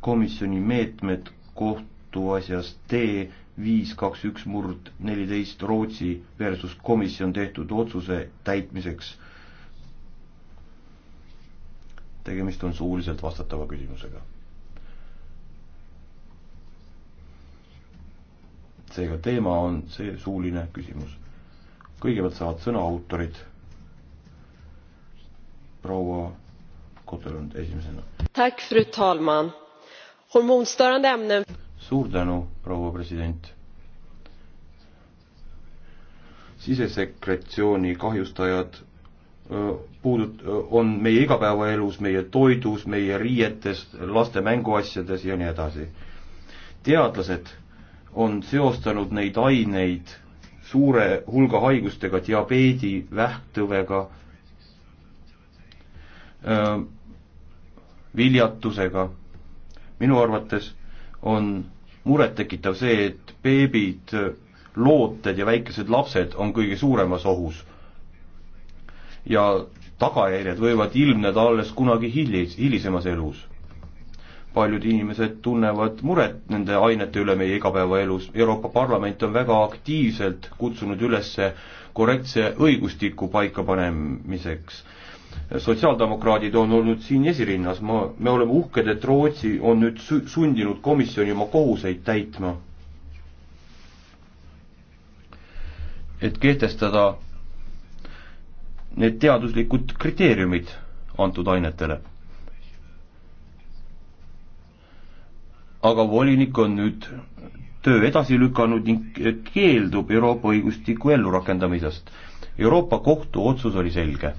komisjoni meetmed kohtuasjas T viis kaks üks murd neliteist Rootsi versus komisjon tehtud otsuse täitmiseks. tegemist on suuliselt vastatava küsimusega. seega teema on see suuline küsimus. kõigepealt saavad sõna autorid. proua Kotelund esimesena suur tänu, proua president. sisesekretsiooni kahjustajad puudut-, on meie igapäevaelus, meie toidus, meie riietes, laste mänguasjades ja nii edasi. teadlased on seostanud neid aineid suure hulga haigustega, diabeedi, vähktõvega, viljatusega minu arvates on murettekitav see, et beebid, looted ja väikesed lapsed on kõige suuremas ohus. ja tagajärjed võivad ilmneda alles kunagi hilis, hilisemas elus. paljud inimesed tunnevad muret nende ainete üle meie igapäevaelus, Euroopa Parlament on väga aktiivselt kutsunud üles korrektse õigustiku paikapanemiseks sotsiaaldemokraadid on olnud siin esirinnas, ma, me oleme uhked, et Rootsi on nüüd su-, sundinud komisjoni oma kohuseid täitma. et kehtestada need teaduslikud kriteeriumid antud ainetele. aga volinik on nüüd töö edasi lükanud ning keeldub Euroopa õigustiku ellurakendamisest. Euroopa Kohtu otsus oli selge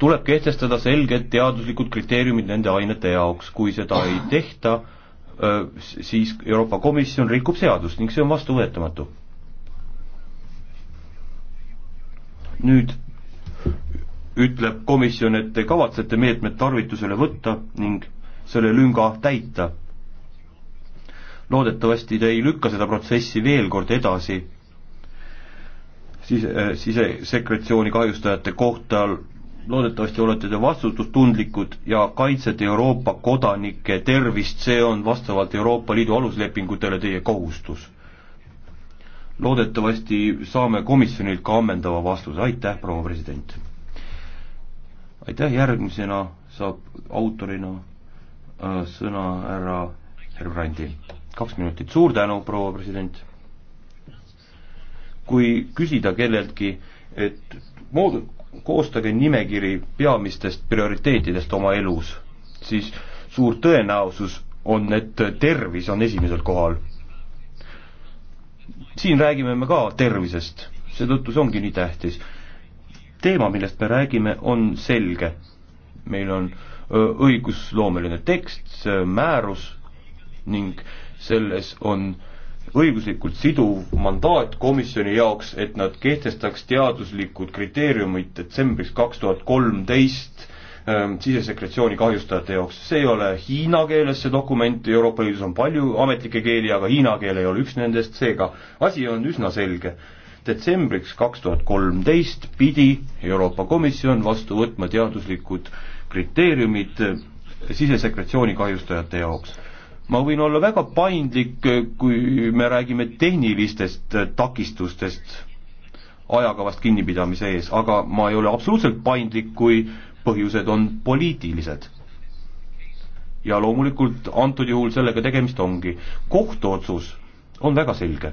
tuleb kehtestada selged teaduslikud kriteeriumid nende ainete jaoks, kui seda ei tehta, siis Euroopa Komisjon rikub seadust ning see on vastuvõetamatu. nüüd ütleb komisjon, et te kavatsete meetmed tarvitusele võtta ning selle lünga täita. loodetavasti te ei lükka seda protsessi veel kord edasi sise, sisesekretsiooni kahjustajate kohta loodetavasti olete te vastutustundlikud ja kaitsete Euroopa kodanike tervist, see on vastavalt Euroopa Liidu aluslepingutele teie kohustus. loodetavasti saame komisjonilt ka ammendava vastuse, aitäh, proua president! aitäh, järgmisena saab autorina äh, sõna härra Herbrandi. kaks minutit, suur tänu, proua president! kui küsida kelleltki, et mood-, koostage nimekiri peamistest prioriteetidest oma elus, siis suur tõenäosus on, et tervis on esimesel kohal. siin räägime me ka tervisest, seetõttu see ongi nii tähtis. teema, millest me räägime, on selge. meil on õigusloomeline tekst, määrus ning selles on äh, õiguslikult siduv mandaat komisjoni jaoks, et nad kehtestaks teaduslikud kriteeriumid detsembriks kaks tuhat kolmteist ähm, sisesekretsiooni kahjustajate jaoks. see ei ole hiina keeles see dokument, Euroopa Liidus on palju ametlikke keeli, aga hiina keel ei ole üks nendest, seega asi on üsna selge. detsembriks kaks tuhat kolmteist pidi Euroopa Komisjon vastu võtma teaduslikud kriteeriumid sisesekretsiooni kahjustajate jaoks ma võin olla väga paindlik, eh, kui me räägime tehnilistest eh, takistustest ajakavast kinnipidamise ees, aga ma ei ole absoluutselt paindlik, kui põhjused on poliitilised. ja loomulikult antud juhul sellega tegemist ongi. kohtuotsus on väga selge.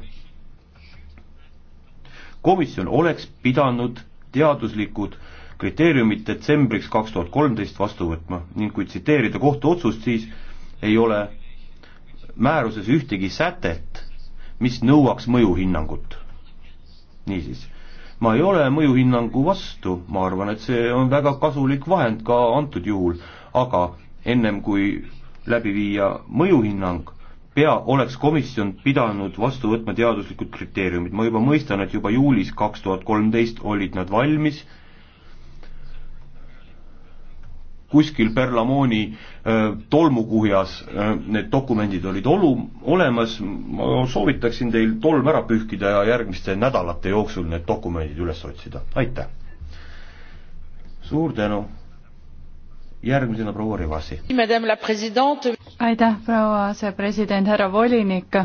komisjon oleks pidanud teaduslikud kriteeriumid detsembriks kaks tuhat kolmteist vastu võtma ning kui tsiteerida kohtuotsust, siis ei ole määruses ühtegi sätet, mis nõuaks mõjuhinnangut. niisiis, ma ei ole mõjuhinnangu vastu, ma arvan, et see on väga kasulik vahend ka antud juhul, aga ennem kui läbi viia mõjuhinnang, pea, oleks komisjon pidanud vastu võtma teaduslikud kriteeriumid, ma juba mõistan, et juba juulis kaks tuhat kolmteist olid nad valmis kuskil Berlamooni äh, tolmukuhjas äh, need dokumendid olid olu-, olemas, ma soovitaksin teil tolm ära pühkida ja järgmiste nädalate jooksul need dokumendid üles otsida, aitäh! suur tänu! järgmisena proua Rivasi. aitäh, proua asepresident, härra volinik!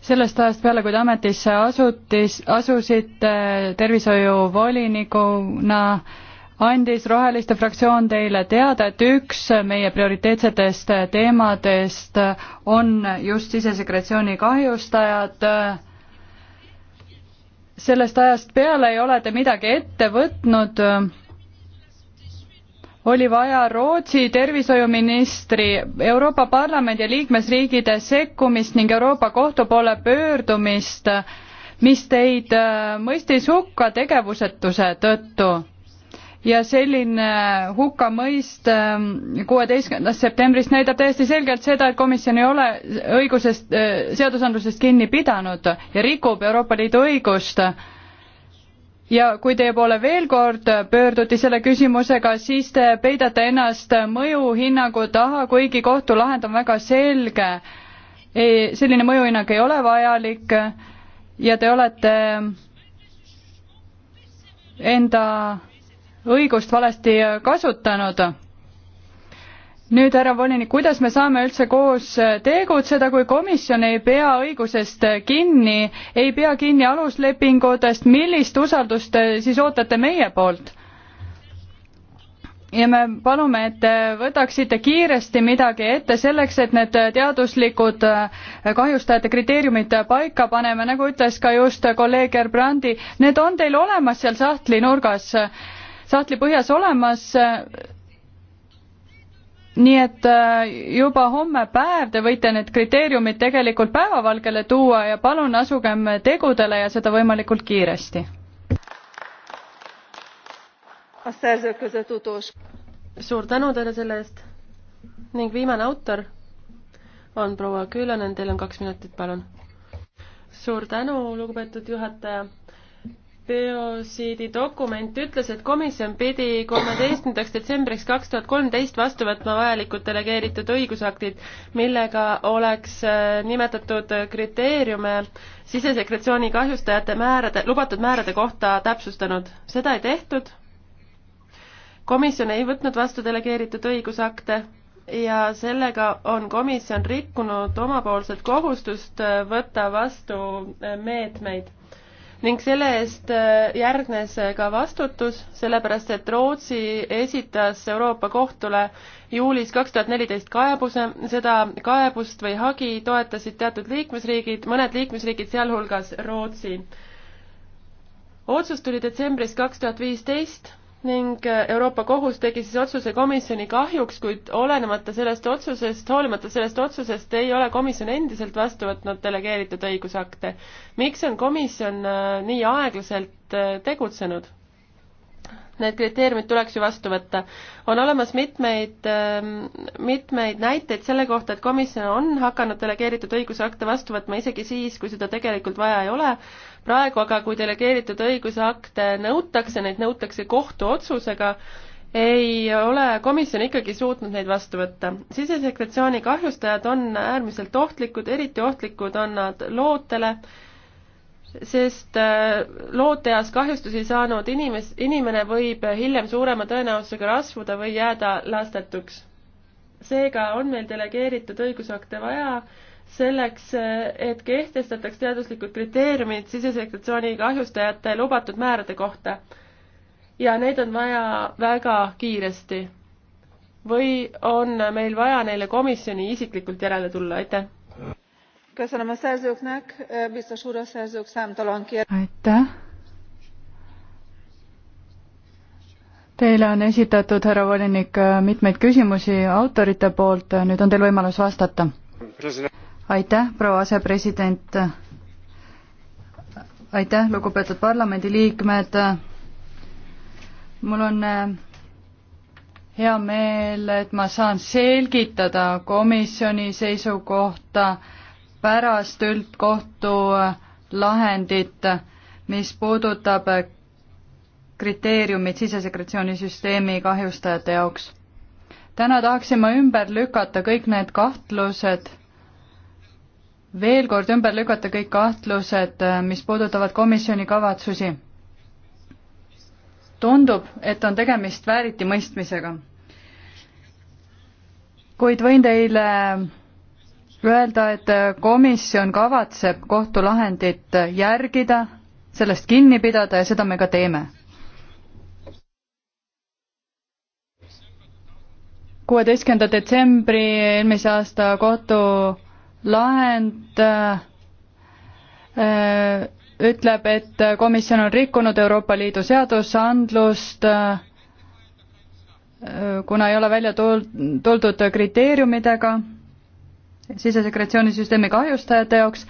sellest ajast peale, kui te ametisse asutis, asusite tervishoiuvolinikuna äh, andis Roheliste fraktsioon teile teada, et üks meie prioriteetsetest teemadest on just sisesekretsiooni kahjustajad. sellest ajast peale ei ole te midagi ette võtnud oli vaja Rootsi tervishoiuministri, Euroopa Parlamendi ja liikmesriigide sekkumist ning Euroopa Kohtu poole pöördumist, mis teid äh, mõistis hukka tegevusetuse tõttu ja selline hukkamõist ähm, kuueteistkümnendast septembrist näitab täiesti selgelt seda, et komisjon ei ole õigusest, äh, seadusandlusest kinni pidanud ja rikub Euroopa Liidu õigust ja kui teie poole veel kord pöörduti selle küsimusega, siis te peidate ennast mõjuhinnangu taha, kuigi kohtulahend on väga selge. selline mõjuhinnang ei ole vajalik ja te olete enda õigust valesti kasutanud. nüüd, härra volinik, kuidas me saame üldse koos tegutseda, kui komisjon ei pea õigusest kinni, ei pea kinni aluslepingutest, millist usaldust siis ootate meie poolt? ja me palume, et te võtaksite kiiresti midagi ette selleks, et need teaduslikud kahjustajate kriteeriumid paika paneme, nagu ütles ka just kolleeg Gerbrandi, need on teil olemas seal sahtlinurgas sahtli põhjas olemas. nii et äh, juba homme päev te võite need kriteeriumid tegelikult päevavalgele tuua ja palun asugem tegudele ja seda võimalikult kiiresti. suur tänu teile selle eest ning viimane autor on proua Küülönen, teil on kaks minutit, palun. suur tänu, lugupeetud juhataja biotsiididokument ütles, et komisjon pidi kolmeteistkümnendaks detsembriks kaks tuhat kolmteist vastu võtma vajalikud delegeeritud õigusaktid, millega oleks äh, nimetatud kriteeriume sisesekretsiooni kahjustajate määrade, lubatud määrade kohta täpsustanud. seda ei tehtud, komisjon ei võtnud vastu delegeeritud õigusakte ja sellega on komisjon rikkunud omapoolset kohustust äh, võtta vastu äh, meetmeid ning selle eest äh, järgnes äh, ka vastutus, sellepärast et Rootsi esitas Euroopa Kohtule juulis kaks tuhat neliteist kaebuse, seda kaebust või hagi toetasid teatud liikmesriigid, mõned liikmesriigid, sealhulgas Rootsi. otsus tuli detsembris kaks tuhat viisteist ning äh, Euroopa Kohus tegi siis otsuse komisjoni kahjuks, kuid olenemata sellest otsusest, hoolimata sellest otsusest ei ole komisjon endiselt vastu võtnud delegeeritud õigusakte. miks on komisjon äh, nii aeglaselt äh, tegutsenud? need kriteeriumid tuleks ju vastu võtta. on olemas mitmeid, ähm, mitmeid näiteid selle kohta, et komisjon on hakanud delegeeritud õigusakte vastu võtma isegi siis, kui seda tegelikult vaja ei ole. praegu aga, kui delegeeritud õigusakte nõutakse, neid nõutakse kohtuotsusega, ei ole komisjon ikkagi suutnud neid vastu võtta. sisesekretsiooni kahjustajad on äärmiselt ohtlikud, eriti ohtlikud on nad lootele, sest äh, looteas kahjustusi saanud inimes-, inimene võib hiljem suurema tõenäosusega rasvuda või jääda lastetuks. seega on meil delegeeritud õigusakte vaja selleks, äh, et kehtestataks teaduslikud kriteeriumid sisesekretsiooni kahjustajate lubatud määrade kohta. ja neid on vaja väga kiiresti. või on meil vaja neile komisjoni isiklikult järele tulla, aitäh! aitäh! Teile on esitatud, härra volinik, mitmeid küsimusi autorite poolt, nüüd on teil võimalus vastata. aitäh, proua asepresident. aitäh, lugupeetud parlamendiliikmed. mul on äh, hea meel, et ma saan selgitada komisjoni seisukohta pärast üldkohtu äh, lahendit, mis puudutab äh, kriteeriumid sisesekretsioonisüsteemi kahjustajate jaoks. täna tahaksin ma ümber lükata kõik need kahtlused, veel kord ümber lükata kõik kahtlused, äh, mis puudutavad komisjoni kavatsusi. tundub, et on tegemist vääritimõistmisega. kuid võin teile öelda, et äh, komisjon kavatseb kohtulahendit äh, järgida, sellest kinni pidada ja seda me ka teeme. kuueteistkümnenda detsembri eelmise aasta kohtulahend äh, ütleb, et komisjon on rikkunud Euroopa Liidu seadusandlust kuna ei ole välja tuldud kriteeriumidega sisesekretsioonisüsteemi kahjustajate jaoks.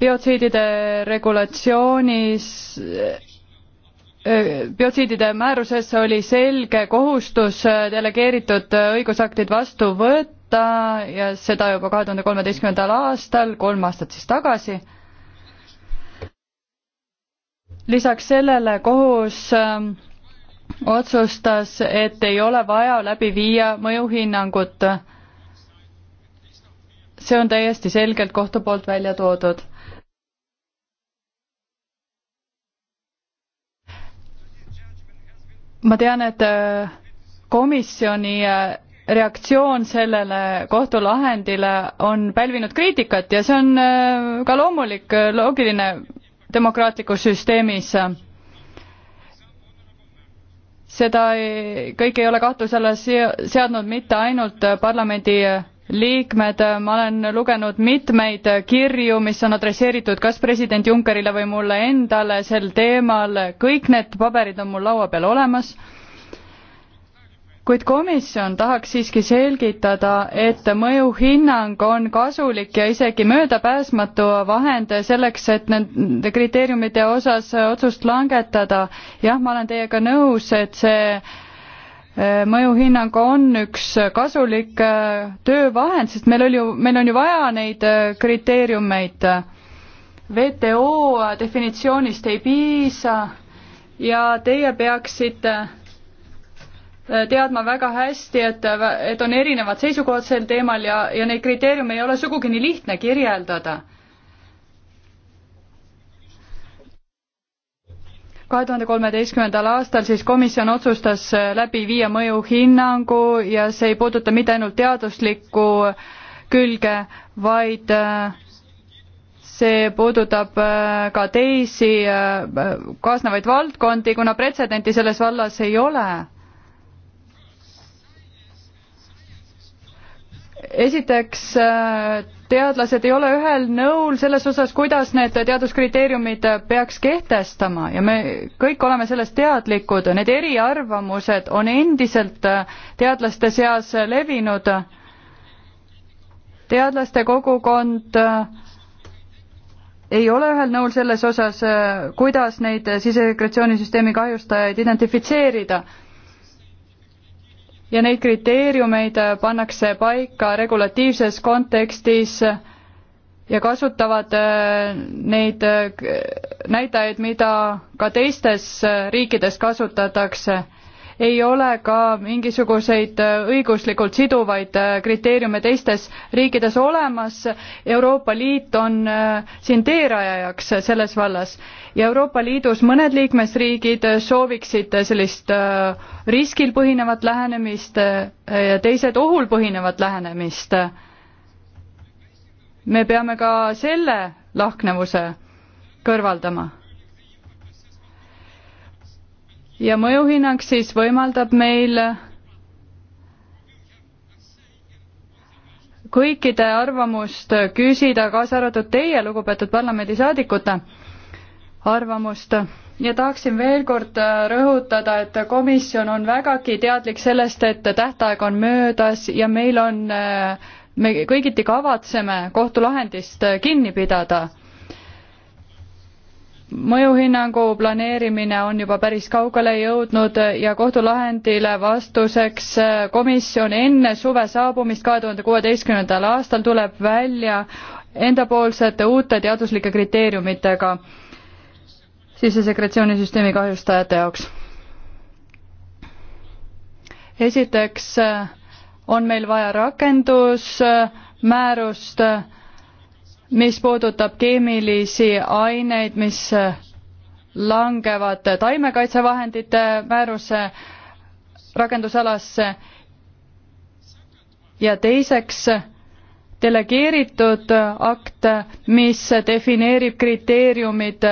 biotsiidide regulatsioonis, biotsiidide määruses oli selge kohustus delegeeritud õigusaktid vastu võtta ja seda juba kahe tuhande kolmeteistkümnendal aastal, kolm aastat siis tagasi lisaks sellele kohus otsustas, et ei ole vaja läbi viia mõjuhinnangut see on täiesti selgelt kohtu poolt välja toodud. ma tean, et äh, komisjoni äh, reaktsioon sellele kohtulahendile on pälvinud kriitikat ja see on äh, ka loomulik, loogiline demokraatlikus süsteemis. seda ei, kõik ei ole kahtluse alla seadnud mitte ainult parlamendi liikmed, ma olen lugenud mitmeid kirju, mis on adresseeritud kas president Junckerile või mulle endale sel teemal, kõik need paberid on mul laua peal olemas. kuid komisjon tahaks siiski selgitada, et mõjuhinnang on kasulik ja isegi möödapääsmatu vahend selleks, et nende kriteeriumide osas otsust langetada. jah, ma olen teiega nõus, et see Äh, mõjuhinnang on üks äh, kasulik äh, töövahend, sest meil oli ju, meil on ju vaja neid kriteeriumeid. WTO definitsioonist ei piisa ja teie peaksite teadma väga hästi, et, et on erinevad seisukohad sel teemal ja, ja neid kriteeriume ei ole sugugi nii lihtne kirjeldada kahe tuhande kolmeteistkümnendal aastal siis komisjon otsustas äh, läbi viia mõjuhinnangu ja see ei puuduta mitte ainult teaduslikku külge, vaid äh, see puudutab äh, ka teisi kaasnevaid valdkondi, kuna pretsedenti selles vallas ei ole esiteks, äh, teadlased ei ole ühel nõul selles osas, kuidas need teaduskriteeriumid peaks kehtestama ja me kõik oleme sellest teadlikud, need eriarvamused on endiselt äh, teadlaste seas levinud. teadlaste kogukond äh, ei ole ühel nõul selles osas, kuidas neid sisesekretsioonisüsteemi kahjustajaid identifitseerida ja neid kriteeriumeid pannakse paika regulatiivses kontekstis ja kasutavad äh, neid äh, näitajaid, mida ka teistes riikides kasutatakse ei ole ka mingisuguseid äh, õiguslikult siduvaid äh, kriteeriume teistes riikides olemas. Euroopa Liit on äh, siin teerajajaks selles vallas ja Euroopa Liidus mõned liikmesriigid sooviksid sellist riskil põhinevat lähenemist ja teised ohul põhinevat lähenemist. me peame ka selle lahknevuse kõrvaldama ja mõjuhinnang siis võimaldab meil kõikide arvamust küsida, kaasa arvatud teie, lugupeetud parlamendisaadikute arvamust ja tahaksin veel kord rõhutada, et komisjon on vägagi teadlik sellest, et tähtaeg on möödas ja meil on, me kõigiti kavatseme kohtulahendist kinni pidada mõjuhinnangu planeerimine on juba päris kaugele jõudnud ja kohtulahendile vastuseks komisjon enne suve saabumist kahe tuhande kuueteistkümnendal aastal tuleb välja endapoolsete uute teaduslike kriteeriumitega sisesekretsioonisüsteemi kahjustajate jaoks. esiteks on meil vaja rakendusmäärust, mis puudutab keemilisi aineid, mis langevad taimekaitsevahendite määruse rakendusalasse ja teiseks delegeeritud akt, mis defineerib kriteeriumid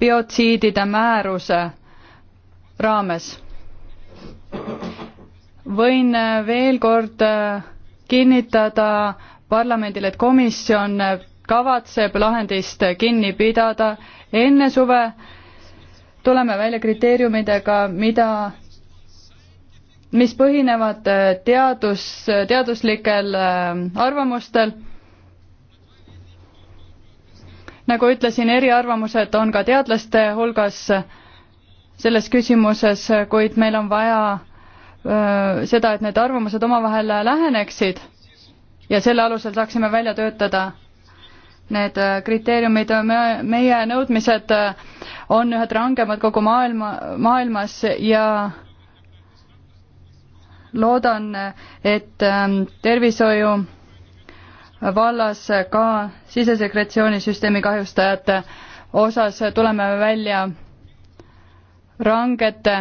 biotsiidide määruse raames. võin veel kord kinnitada parlamendile, et komisjon kavatseb lahendist kinni pidada enne suve. tuleme välja kriteeriumidega, mida, mis põhinevad teadus, teaduslikel äh, arvamustel nagu ütlesin, eriarvamused on ka teadlaste hulgas selles küsimuses, kuid meil on vaja öö, äh, seda, et need arvamused omavahel läheneksid ja selle alusel saaksime välja töötada need äh, kriteeriumid, äh, meie nõudmised äh, on ühed rangemad kogu maailma, maailmas ja loodan, et ähm, tervishoiu vallas ka sisesekretsioonisüsteemi kahjustajate osas tuleme välja rangete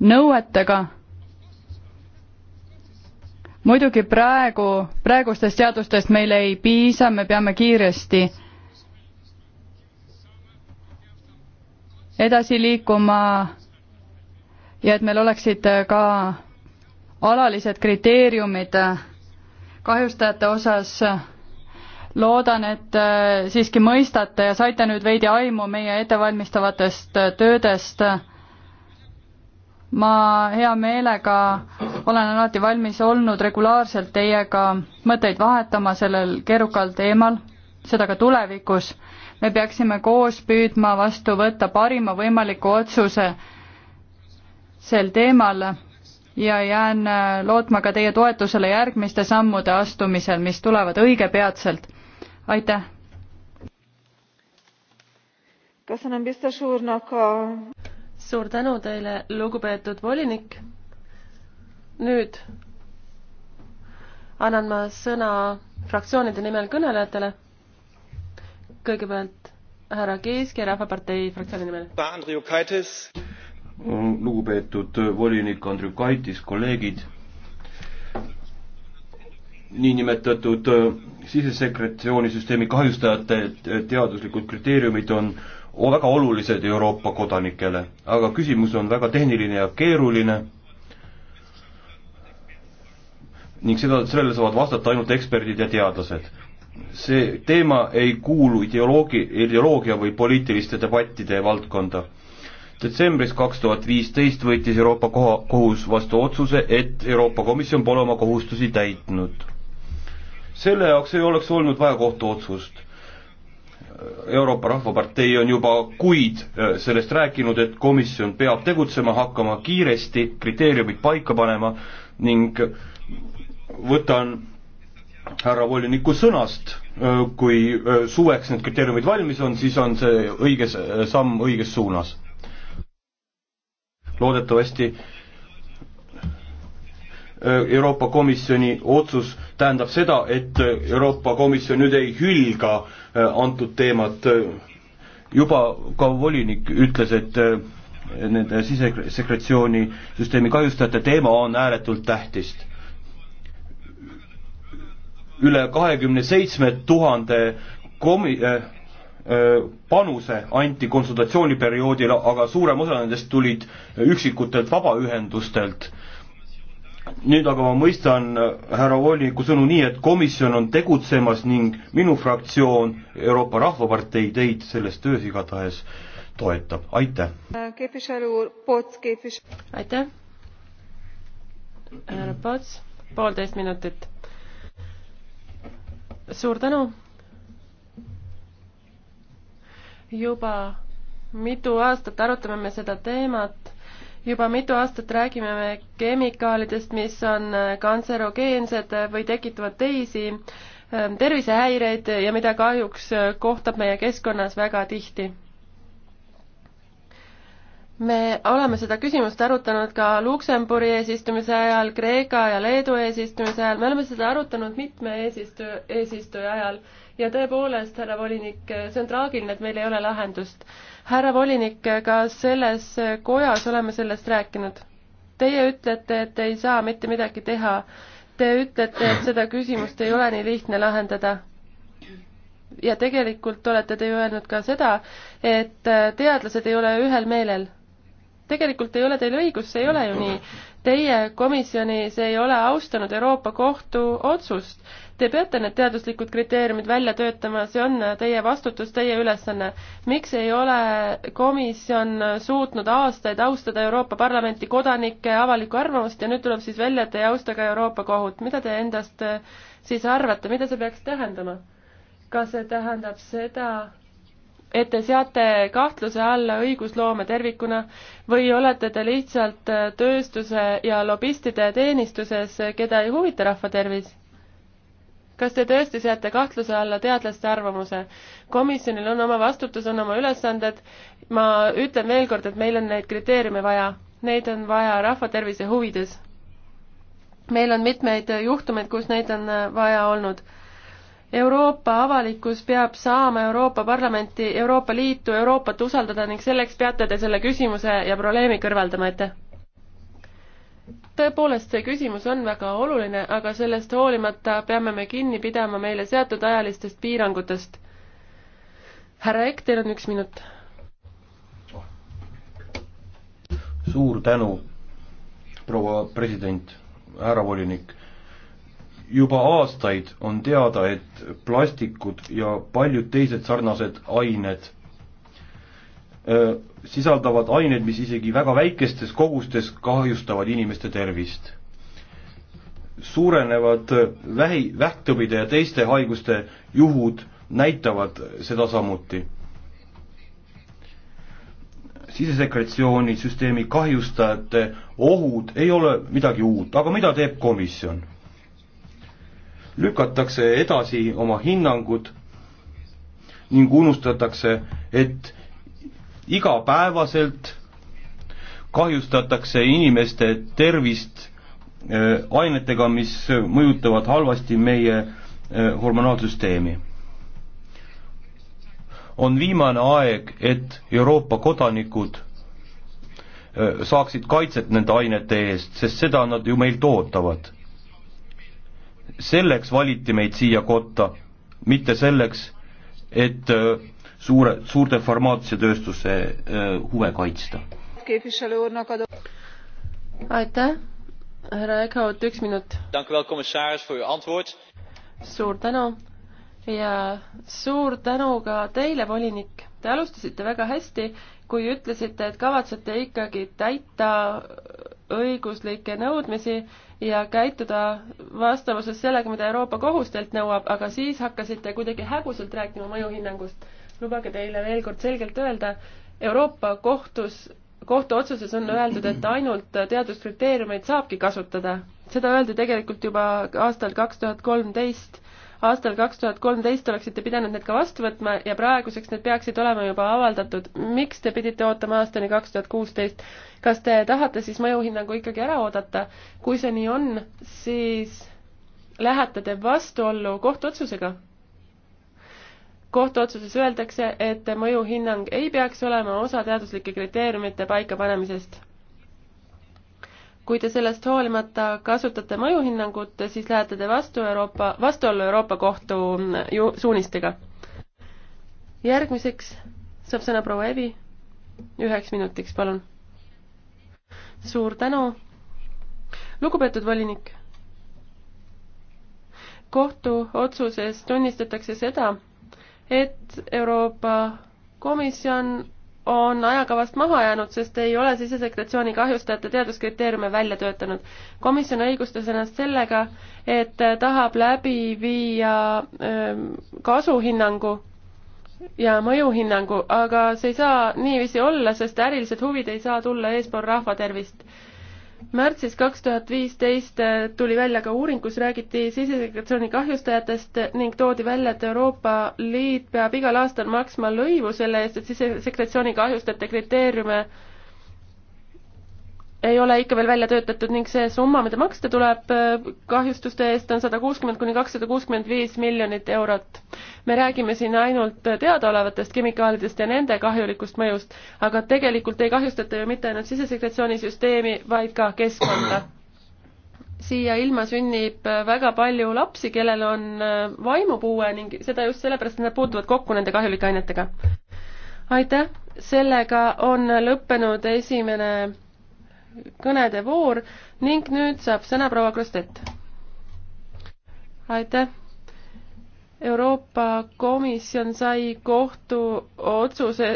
nõuetega muidugi praegu, praegustest seadustest meile ei piisa, me peame kiiresti edasi liikuma ja et meil oleksid ka alalised kriteeriumid kahjustajate osas. loodan, et äh, siiski mõistate ja saite nüüd veidi aimu meie ettevalmistavatest töödest ma hea meelega olen alati valmis olnud regulaarselt teiega mõtteid vahetama sellel keerukal teemal, seda ka tulevikus. me peaksime koos püüdma vastu võtta parima võimaliku otsuse sel teemal ja jään äh, lootma ka teie toetusele järgmiste sammude astumisel, mis tulevad õigepeatselt. aitäh! köszönöm biztos úrnak a suur tänu teile, lugupeetud volinik. nüüd annan ma sõna fraktsioonide nimel kõnelejatele. kõigepealt härra Kiiski Rahvapartei fraktsiooni nimel. lugupeetud volinik Andriukaitis, kolleegid, niinimetatud sisesekretsioonisüsteemi kahjustajate teaduslikud kriteeriumid on väga olulised Euroopa kodanikele, aga küsimus on väga tehniline ja keeruline ning seda, sellele saavad vastata ainult eksperdid ja teadlased. see teema ei kuulu ideoloogi, ideoloogia või poliitiliste debattide valdkonda. detsembris kaks tuhat viisteist võttis Euroopa koha, kohus vastu otsuse, et Euroopa Komisjon pole oma kohustusi täitnud. selle jaoks ei oleks olnud vaja kohtuotsust Euroopa Rahvapartei on juba kuid äh, sellest rääkinud, et komisjon peab tegutsema hakkama kiiresti, kriteeriumid paika panema ning võtan härra voliniku sõnast, äh, kui äh, suveks need kriteeriumid valmis on, siis on see õige samm õiges suunas. loodetavasti Äh, Euroopa Komisjoni otsus tähendab seda, et äh, Euroopa Komisjon nüüd ei hülga äh, antud teemat. juba ka volinik ütles, et nende sisesekretsiooni süsteemi kahjustajate teema on ääretult tähtis. üle kahekümne seitsme tuhande komi-, panuse anti konsultatsiooniperioodil, aga suurem osa nendest tulid üksikutelt vabaühendustelt nüüd aga ma mõistan äh, härra voliniku sõnu nii, et komisjon on tegutsemas ning minu fraktsioon, Euroopa Rahvapartei, teid selles töös igatahes toetab, aitäh! aitäh! härra Pots, poolteist minutit. suur tänu! juba mitu aastat arutame me seda teemat juba mitu aastat räägime me kemikaalidest, mis on äh, kantserogeensed äh, või tekitavad teisi ähm, tervisehäireid ja mida kahjuks äh, kohtab meie keskkonnas väga tihti. me oleme seda küsimust arutanud ka Luksemburi eesistumise ajal, Kreeka ja Leedu eesistumise ajal, me oleme seda arutanud mitme eesistuja, eesistuja ajal ja tõepoolest, härra volinik, see on traagiline, et meil ei ole lahendust härra volinik, ka selles kojas oleme sellest rääkinud. Teie ütlete, et ei saa mitte midagi teha. Te ütlete, et seda küsimust ei ole nii lihtne lahendada. ja tegelikult olete te ju öelnud ka seda, et teadlased ei ole ühel meelel tegelikult ei ole teil õigus, see ei ole ju nii. Teie komisjonis ei ole austanud Euroopa Kohtu otsust. Te peate need teaduslikud kriteeriumid välja töötama, see on teie vastutus, teie ülesanne. miks ei ole komisjon suutnud aastaid austada Euroopa Parlamenti kodanike avalikku arvamust ja nüüd tuleb siis välja, et ei austa ka Euroopa Kohut. mida te endast siis arvate, mida see peaks tähendama? kas see tähendab seda, et te seate kahtluse alla õigusloome tervikuna või olete te lihtsalt äh, tööstuse ja lobistide teenistuses, keda ei huvita rahva tervis? kas te tõesti seate kahtluse alla teadlaste arvamuse? komisjonil on oma vastutus, on oma ülesanded, ma ütlen veel kord, et meil on neid kriteeriume vaja, neid on vaja rahva tervise huvides. meil on mitmeid juhtumeid, kus neid on äh, vaja olnud Euroopa avalikkus peab saama Euroopa Parlamenti, Euroopa Liitu, Euroopat usaldada ning selleks peate te selle küsimuse ja probleemi kõrvaldama, aitäh! tõepoolest, see küsimus on väga oluline, aga sellest hoolimata peame me kinni pidama meile seatud ajalistest piirangutest. härra Ekk, teil on üks minut. suur tänu, proua president, härra volinik juba aastaid on teada, et plastikud ja paljud teised sarnased ained öö, sisaldavad aineid, mis isegi väga väikestes kogustes kahjustavad inimeste tervist. suurenevad vähi, vähktõvide ja teiste haiguste juhud näitavad seda samuti. sisesekretsioonisüsteemi kahjustajate ohud ei ole midagi uut, aga mida teeb komisjon? lükatakse edasi oma hinnangud ning unustatakse, et igapäevaselt kahjustatakse inimeste tervist äh, ainetega, mis mõjutavad halvasti meie äh, hormonaalsüsteemi. on viimane aeg, et Euroopa kodanikud äh, saaksid kaitset nende ainete eest, sest seda nad ju meilt ootavad selleks valiti meid siia kotta, mitte selleks, et äh, suure, suurte farmaatsiatööstuse äh, huve kaitsta. aitäh, härra Eckhout, üks minut. suur tänu ja suur tänu ka teile, volinik. Te alustasite väga hästi, kui ütlesite, et kavatsete ikkagi täita õiguslikke nõudmisi ja käituda vastavuses sellega, mida Euroopa Kohus teilt nõuab, aga siis hakkasite kuidagi häguselt rääkima mõjuhinnangust. lubage teile veel kord selgelt öelda, Euroopa Kohtus, kohtuotsuses on öeldud, et ainult teaduskriteeriumeid saabki kasutada. seda öeldi tegelikult juba aastal kaks tuhat kolmteist aastal kaks tuhat kolmteist oleksite pidanud need ka vastu võtma ja praeguseks need peaksid olema juba avaldatud. miks te pidite ootama aastani kaks tuhat kuusteist? kas te tahate siis mõjuhinnangu ikkagi ära oodata? kui see nii on, siis lähete te vastuollu kohtuotsusega? kohtuotsuses öeldakse, et mõjuhinnang ei peaks olema osa teaduslike kriteeriumite paikapanemisest kui te sellest hoolimata kasutate mõjuhinnangut, siis lähete te vastu Euroopa, vastuollu Euroopa Kohtu mm, ju-, suunistega. järgmiseks saab sõna proua Evi, üheks minutiks, palun. suur tänu, lugupeetud volinik. kohtuotsuses tunnistatakse seda, et Euroopa Komisjon on ajakavast maha jäänud, sest ei ole sisesekretsiooni kahjustajate teaduskriteeriume välja töötanud. komisjon õigustas ennast sellega, et tahab läbi viia ähm, kasuhinnangu ja mõjuhinnangu, aga see ei saa niiviisi olla, sest ärilised huvid ei saa tulla eespool rahva tervist märtsis kaks tuhat viisteist tuli välja ka uuring, kus räägiti sisesegregatsiooni kahjustajatest ning toodi välja, et Euroopa Liit peab igal aastal maksma lõivu selle eest, et sisesegregatsiooni kahjustajate kriteeriume ei ole ikka veel välja töötatud ning see summa, mida maksta tuleb kahjustuste eest, on sada kuuskümmend kuni kakssada kuuskümmend viis miljonit eurot. me räägime siin ainult teadaolevatest kemikaalidest ja nende kahjulikust mõjust, aga tegelikult ei kahjustata ju mitte ainult sisesekretsioonisüsteemi, vaid ka keskkonda. siia ilma sünnib väga palju lapsi, kellel on vaimupuue ning seda just sellepärast, et nad puutuvad kokku nende kahjulike ainetega. aitäh, sellega on lõppenud esimene kõnede voor ning nüüd saab sõna proua Krustet. aitäh! Euroopa Komisjon sai kohtuotsuse,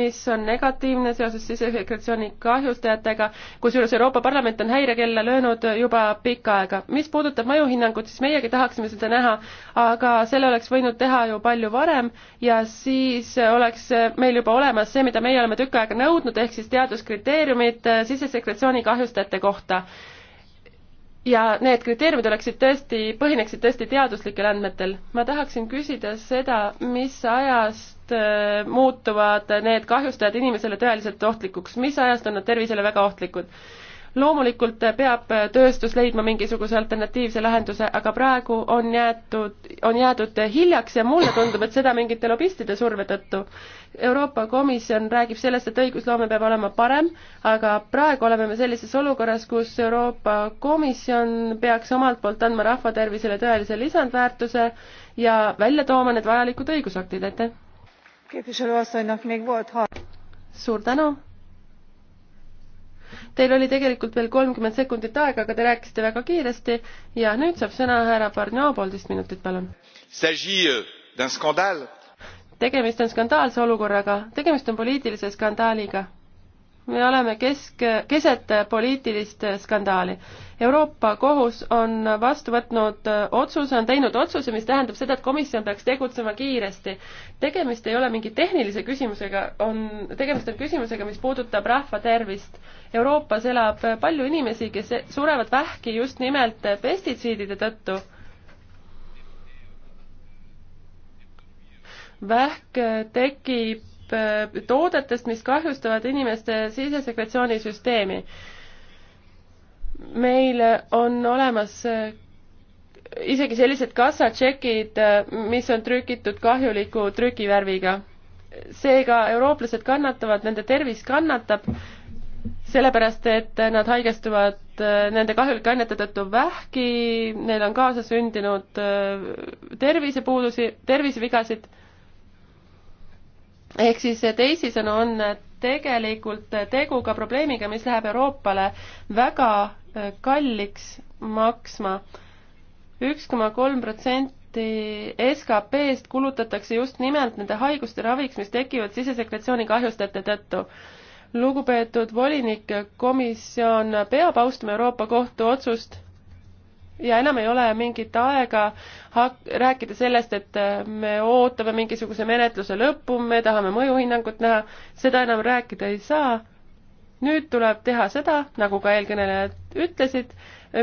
mis on negatiivne seoses sisesekretsiooni kahjustajatega, kusjuures Euroopa Parlament on häirekella löönud juba pikka aega. mis puudutab mõjuhinnangut, siis meiegi tahaksime seda näha, aga selle oleks võinud teha ju palju varem ja siis oleks meil juba olemas see, mida meie oleme tükk aega nõudnud, ehk siis teaduskriteeriumid sisesekretsiooni kahjustajate kohta ja need kriteeriumid oleksid tõesti, põhineksid tõesti teaduslikel andmetel. ma tahaksin küsida seda, mis ajast äh, muutuvad need kahjustajad inimesele tõeliselt ohtlikuks, mis ajast on nad tervisele väga ohtlikud loomulikult peab tööstus leidma mingisuguse alternatiivse lahenduse, aga praegu on jäetud, on jäädud hiljaks ja mulle tundub, et seda mingite lobistide surve tõttu. Euroopa Komisjon räägib sellest, et õigusloome peab olema parem, aga praegu oleme me sellises olukorras, kus Euroopa Komisjon peaks omalt poolt andma rahvatervisele tõelise lisandväärtuse ja välja tooma need vajalikud õigusaktid, aitäh! suur tänu! Teil oli tegelikult veel kolmkümmend sekundit aega, aga te rääkisite väga kiiresti ja nüüd saab sõna härra Barnio, poolteist minutit, palun. Euh, tegemist on skandaalse olukorraga, tegemist on poliitilise skandaaliga. me oleme kesk, keset poliitilist skandaali Euroopa Kohus on vastu võtnud äh, otsuse, on teinud otsuse, mis tähendab seda, et komisjon peaks tegutsema kiiresti. tegemist ei ole mingi tehnilise küsimusega, on, tegemist on küsimusega, mis puudutab rahva tervist. Euroopas elab palju inimesi, kes e-, surevad vähki just nimelt pestitsiidide tõttu vähk äh, tekib äh, toodetest, mis kahjustavad inimeste sisesekretsioonisüsteemi meil on olemas äh, isegi sellised kassatšekid, äh, mis on trükitud kahjuliku trükivärviga. seega eurooplased kannatavad, nende tervis kannatab, sellepärast et nad haigestuvad äh, nende kahjulike ainete tõttu vähki, neil on kaasasündinud tervisepuudusi, tervisevigasid. ehk siis teisisõnu on tegelikult tegu ka probleemiga, mis läheb Euroopale väga äh, kalliks maksma. üks koma kolm protsenti SKP-st kulutatakse just nimelt nende haiguste raviks, mis tekivad sisesekretsiooni kahjustajate tõttu lugupeetud volinik, komisjon peab austama Euroopa Kohtu otsust ja enam ei ole mingit aega hak-, rääkida sellest, et äh, me ootame mingisuguse menetluse lõppu, me tahame mõjuhinnangut näha, seda enam rääkida ei saa. nüüd tuleb teha seda, nagu ka eelkõnelejad ütlesid,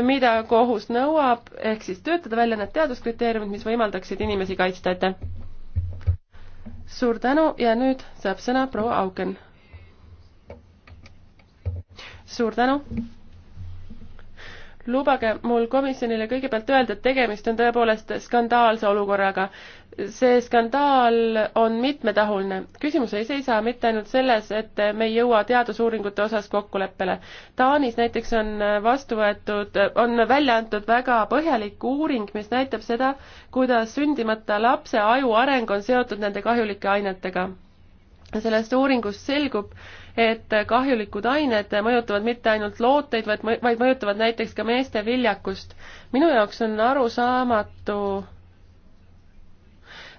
mida kohus nõuab, ehk siis töötada välja need teaduskriteeriumid, mis võimaldaksid inimesi kaitsta, aitäh! suur tänu ja nüüd saab sõna proua Auken. suur tänu! lubage mul komisjonile kõigepealt öelda, et tegemist on tõepoolest skandaalse olukorraga. see skandaal on mitmetahuline. küsimus ei seisa mitte ainult selles, et me ei jõua teadusuuringute osas kokkuleppele. Taanis näiteks on vastu võetud, on välja antud väga põhjalik uuring, mis näitab seda, kuidas sündimata lapse aju areng on seotud nende kahjulike ainetega. sellest uuringust selgub, et kahjulikud ained mõjutavad mitte ainult looteid, vaid, vaid mõjutavad näiteks ka meeste viljakust. minu jaoks on arusaamatu,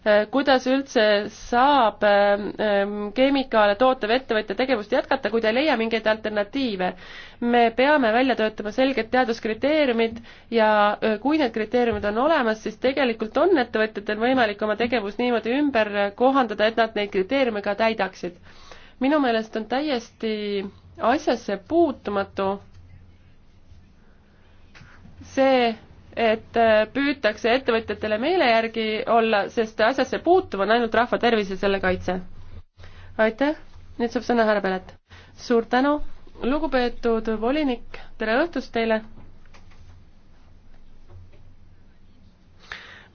äh, kuidas üldse saab ähm, keemikaale tootev ettevõtja tegevust jätkata, kui ta ei leia mingeid alternatiive. me peame välja töötama selged teaduskriteeriumid ja äh, kui need kriteeriumid on olemas, siis tegelikult on ettevõtjatel võimalik oma tegevus niimoodi ümber kohandada, et nad neid kriteeriume ka täidaksid minu meelest on täiesti asjasse puutumatu see, et äh, püütakse ettevõtjatele meele järgi olla, sest asjasse puutuv on ainult rahva tervis ja selle kaitse. aitäh, nüüd saab sõna härra Pelet. suur tänu, lugupeetud volinik, tere õhtust teile!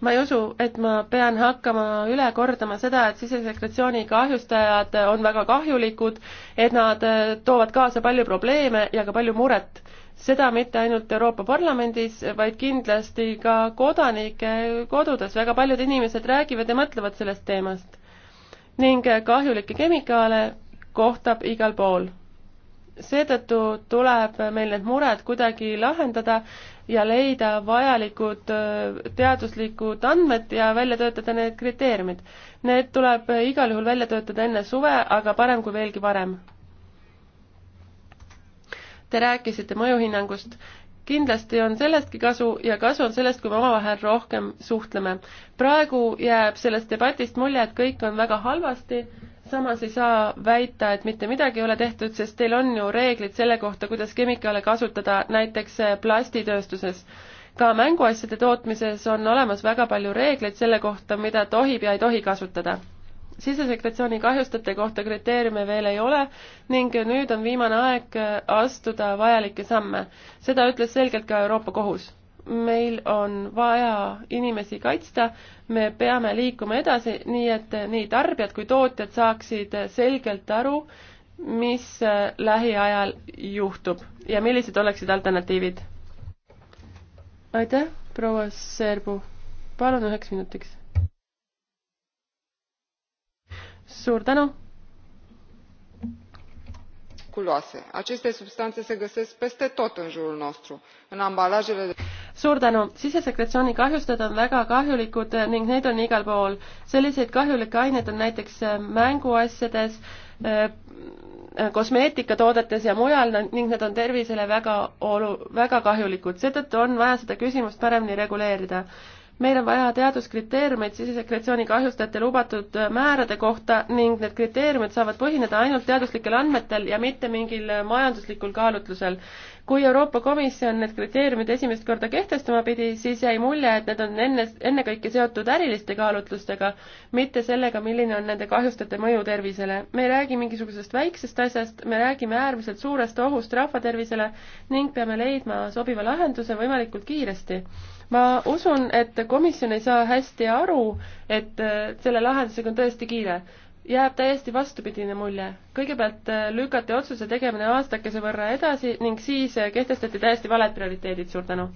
ma ei usu, et ma pean hakkama üle kordama seda, et sisesekretsiooni kahjustajad on väga kahjulikud, et nad äh, toovad kaasa palju probleeme ja ka palju muret. seda mitte ainult Euroopa Parlamendis, vaid kindlasti ka kodanike kodudes, väga paljud inimesed räägivad ja mõtlevad sellest teemast. ning äh, kahjulikke kemikaale kohtab igal pool seetõttu tuleb meil need mured kuidagi lahendada ja leida vajalikud äh, teaduslikud andmed ja välja töötada need kriteeriumid. Need tuleb äh, igal juhul välja töötada enne suve, aga parem kui veelgi varem. Te rääkisite mõjuhinnangust. kindlasti on sellestki kasu ja kasu on sellest, kui me omavahel rohkem suhtleme. praegu jääb sellest debatist mulje, et kõik on väga halvasti samas ei saa väita, et mitte midagi ei ole tehtud, sest teil on ju reeglid selle kohta, kuidas kemikaale kasutada näiteks eh, plastitööstuses. ka mänguasjade tootmises on olemas väga palju reegleid selle kohta, mida tohib ja ei tohi kasutada. sisesekretsiooni kahjustajate kohta kriteeriume veel ei ole ning nüüd on viimane aeg eh, astuda vajalikke samme. seda ütles selgelt ka Euroopa Kohus meil on vaja inimesi kaitsta, me peame liikuma edasi, nii et nii tarbijad kui tootjad saaksid selgelt aru, mis lähiajal juhtub ja millised oleksid alternatiivid. aitäh, proua Serbu. palun üheks minutiks. suur tänu. aceste substanțe se găsesc peste tot în jurul nostru în ambalajele de suur tänu, sisesekretsiooni kahjustajad on väga kahjulikud eh, ning neid on igal pool. selliseid kahjulikke aineid on näiteks eh, mänguasjades, eh, kosmeetikatoodetes ja mujal ning need on tervisele väga olu-, väga kahjulikud, seetõttu on vaja seda küsimust paremini reguleerida. meil on vaja teaduskriteeriumeid sisesekretsiooni kahjustajate lubatud määrade kohta ning need kriteeriumid saavad põhineda ainult teaduslikel andmetel ja mitte mingil majanduslikul kaalutlusel kui Euroopa Komisjon need kriteeriumid esimest korda kehtestama pidi, siis jäi mulje, et need on enne, ennekõike seotud äriliste kaalutlustega, mitte sellega, milline on nende kahjustajate mõju tervisele. me ei räägi mingisugusest väiksest asjast, me räägime äärmiselt suurest ohust rahvatervisele ning peame leidma sobiva lahenduse võimalikult kiiresti. ma usun, et komisjon ei saa hästi aru, et äh, selle lahendusega on tõesti kiire jääb täiesti vastupidine mulje. kõigepealt äh, lükati otsuse tegemine aastakese võrra edasi ning siis äh, kehtestati täiesti valed prioriteedid, suur tänu.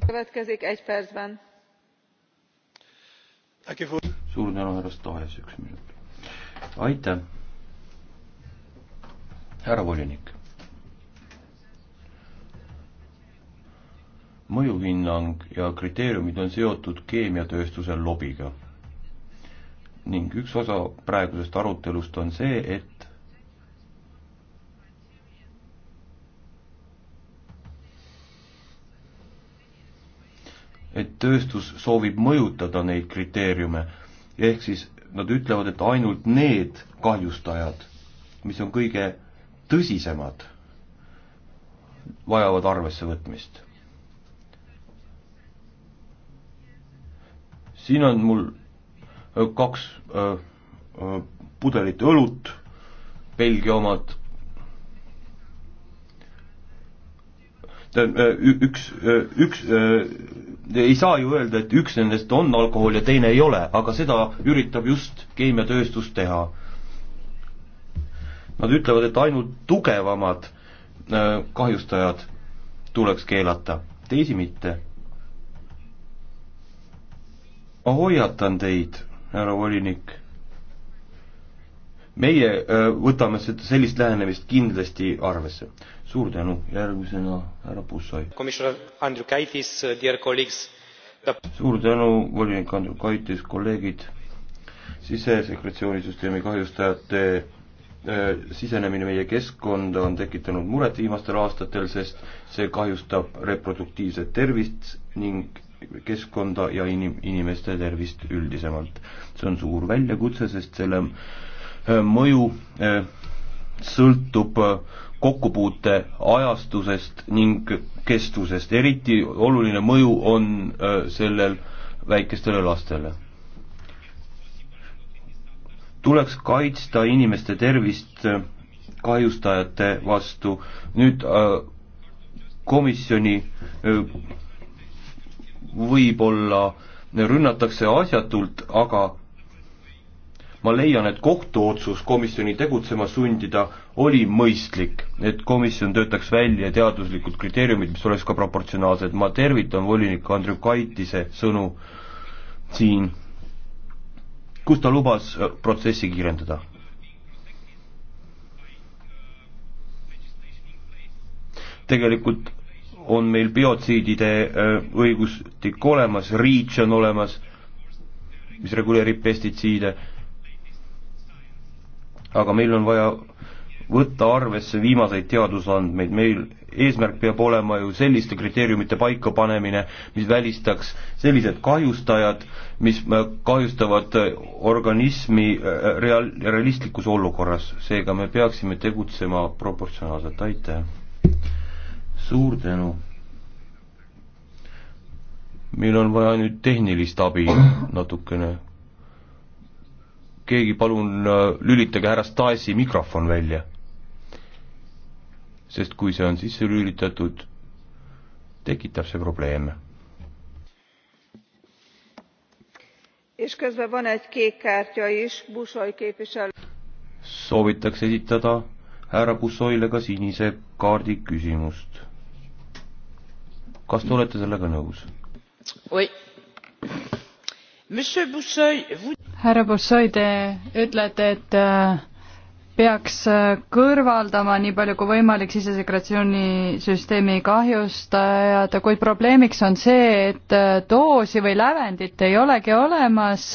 suur tänu, härra Stahes, üks minut. aitäh, härra volinik. mõjuhinnang ja kriteeriumid on seotud keemiatööstuse lobiga ning üks osa praegusest arutelust on see, et et tööstus soovib mõjutada neid kriteeriume, ehk siis nad ütlevad, et ainult need kahjustajad, mis on kõige tõsisemad, vajavad arvesse võtmist. siin on mul kaks pudelit õlut, Belgia omad, üks, üks, ei saa ju öelda, et üks nendest on alkohol ja teine ei ole, aga seda üritab just keemiatööstus teha. Nad ütlevad, et ainult tugevamad kahjustajad tuleks keelata, teisi mitte. ma hoiatan teid härra volinik. meie võtame seda, sellist lähenemist kindlasti arvesse. suur tänu, järgmisena härra Bussoi. suur tänu, volinik Andrukaitis, kolleegid, sisesekretsioonisüsteemi kahjustajate sisenemine meie keskkonda on tekitanud muret viimastel aastatel, sest see kahjustab reproduktiivset tervist ning keskkonda ja inim-, inimeste tervist üldisemalt. see on suur väljakutse, sest selle äh, mõju äh, sõltub äh, kokkupuute ajastusest ning kestvusest, eriti oluline mõju on sellel väikestele lastele. tuleks kaitsta inimeste tervist kahjustajate vastu, nüüd komisjoni võib-olla rünnatakse asjatult, aga ma leian, et kohtuotsus komisjoni tegutsema sundida oli mõistlik, et komisjon töötaks välja teaduslikud kriteeriumid, mis oleks ka proportsionaalsed, ma tervitan volinik Andriukaitise sõnu siin, kus ta lubas äh, protsessi kiirendada. tegelikult on meil biotsiidide õigustik olemas, REACH on olemas, mis reguleerib pestitsiide, aga meil on vaja võtta arvesse viimaseid teadusandmeid, meil eesmärk peab olema ju selliste kriteeriumite paikapanemine, mis välistaks sellised kahjustajad, mis äh, kahjustavad äh, organismi äh, real-, realistlikus olukorras, seega me peaksime tegutsema proportsionaalselt, aitäh! suur tänu. meil on vaja nüüd tehnilist abi natukene. keegi palun äh, lülitage härra Stasi mikrofon välja. sest kui see on sisse lülitatud, tekitab see probleeme. és közben van egy kék kártya is, Busoly képviselő. Soovitaks esitada härra Busoyle ka sinise kaardi küsimust kas te olete sellega nõus? härra Bussoi, te ütlete, et äh, peaks äh, kõrvaldama nii palju kui võimalik sisesekretsioonisüsteemi kahjustajad, kuid probleemiks on see, et äh, doosi või lävendit ei olegi olemas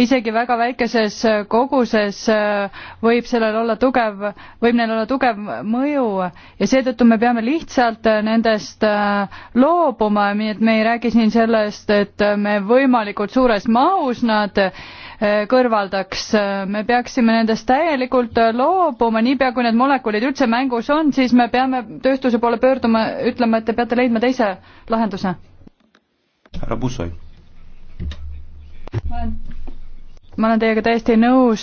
isegi väga väikeses äh, koguses äh, võib sellel olla tugev, võib neil olla tugev mõju ja seetõttu me peame lihtsalt äh, nendest loobuma, nii et me ei räägi siin sellest, et me võimalikult suures mahus nad kõrvaldaks, me peaksime nendest täielikult loobuma, niipea kui need molekulid üldse mängus on, siis me peame tööstuse poole pöörduma, ütlema, et te peate leidma teise lahenduse. härra Bussoi. ma olen ma olen teiega täiesti nõus,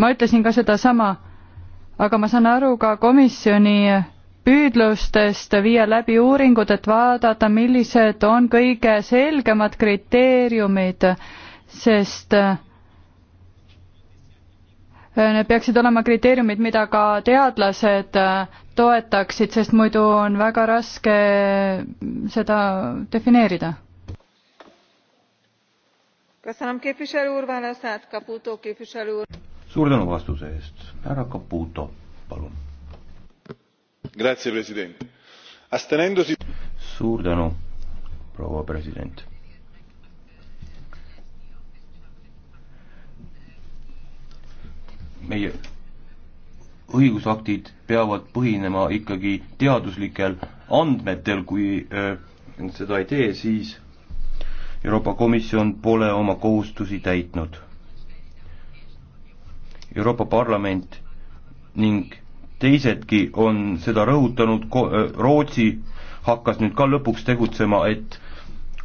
ma ütlesin ka sedasama, aga ma saan aru ka komisjoni püüdlustest viia läbi uuringud, et vaadata, millised on kõige selgemad kriteeriumid, sest äh, need peaksid olema kriteeriumid, mida ka teadlased äh, toetaksid, sest muidu on väga raske äh, seda defineerida suur tänu vastuse eest. härra Caputo, palun. suur tänu, proua president meie õigusaktid peavad põhinema ikkagi teaduslikel andmetel, kui öö, äh, seda ei tee, siis Euroopa Komisjon pole oma kohustusi täitnud. Euroopa Parlament ning teisedki on seda rõhutanud, Rootsi hakkas nüüd ka lõpuks tegutsema, et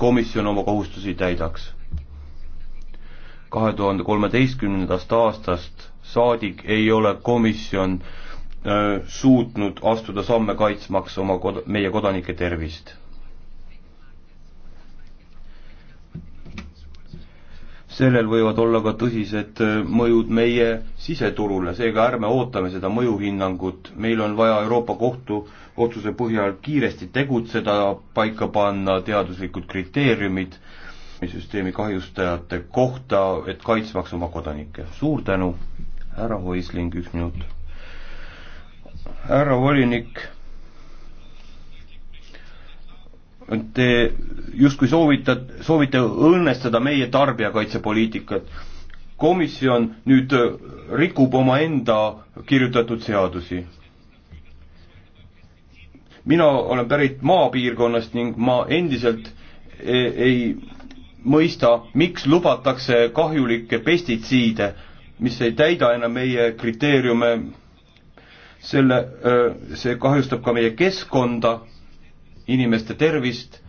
komisjon oma kohustusi täidaks. kahe tuhande kolmeteistkümnendast aastast saadik ei ole komisjon öö, suutnud astuda samme kaitsmaks oma kod-, meie kodanike tervist sellel võivad olla ka tõsised äh, mõjud meie siseturule, seega ärme ootame seda mõjuhinnangut, meil on vaja Euroopa Kohtu otsuse põhjal kiiresti tegutseda, paika panna teaduslikud kriteeriumid süsteemi kahjustajate kohta, et kaitsmaks oma kodanikke. suur tänu, härra Hoisling, üks minut. härra volinik Te justkui soovitate, soovite õõnestada meie tarbijakaitsepoliitikat. komisjon nüüd rikub omaenda kirjutatud seadusi mina olen pärit maapiirkonnast ning ma endiselt ei, ei mõista, miks lubatakse kahjulikke pestitsiide, mis ei täida enam meie kriteeriume, selle, see kahjustab ka meie keskkonda inimeste tervist.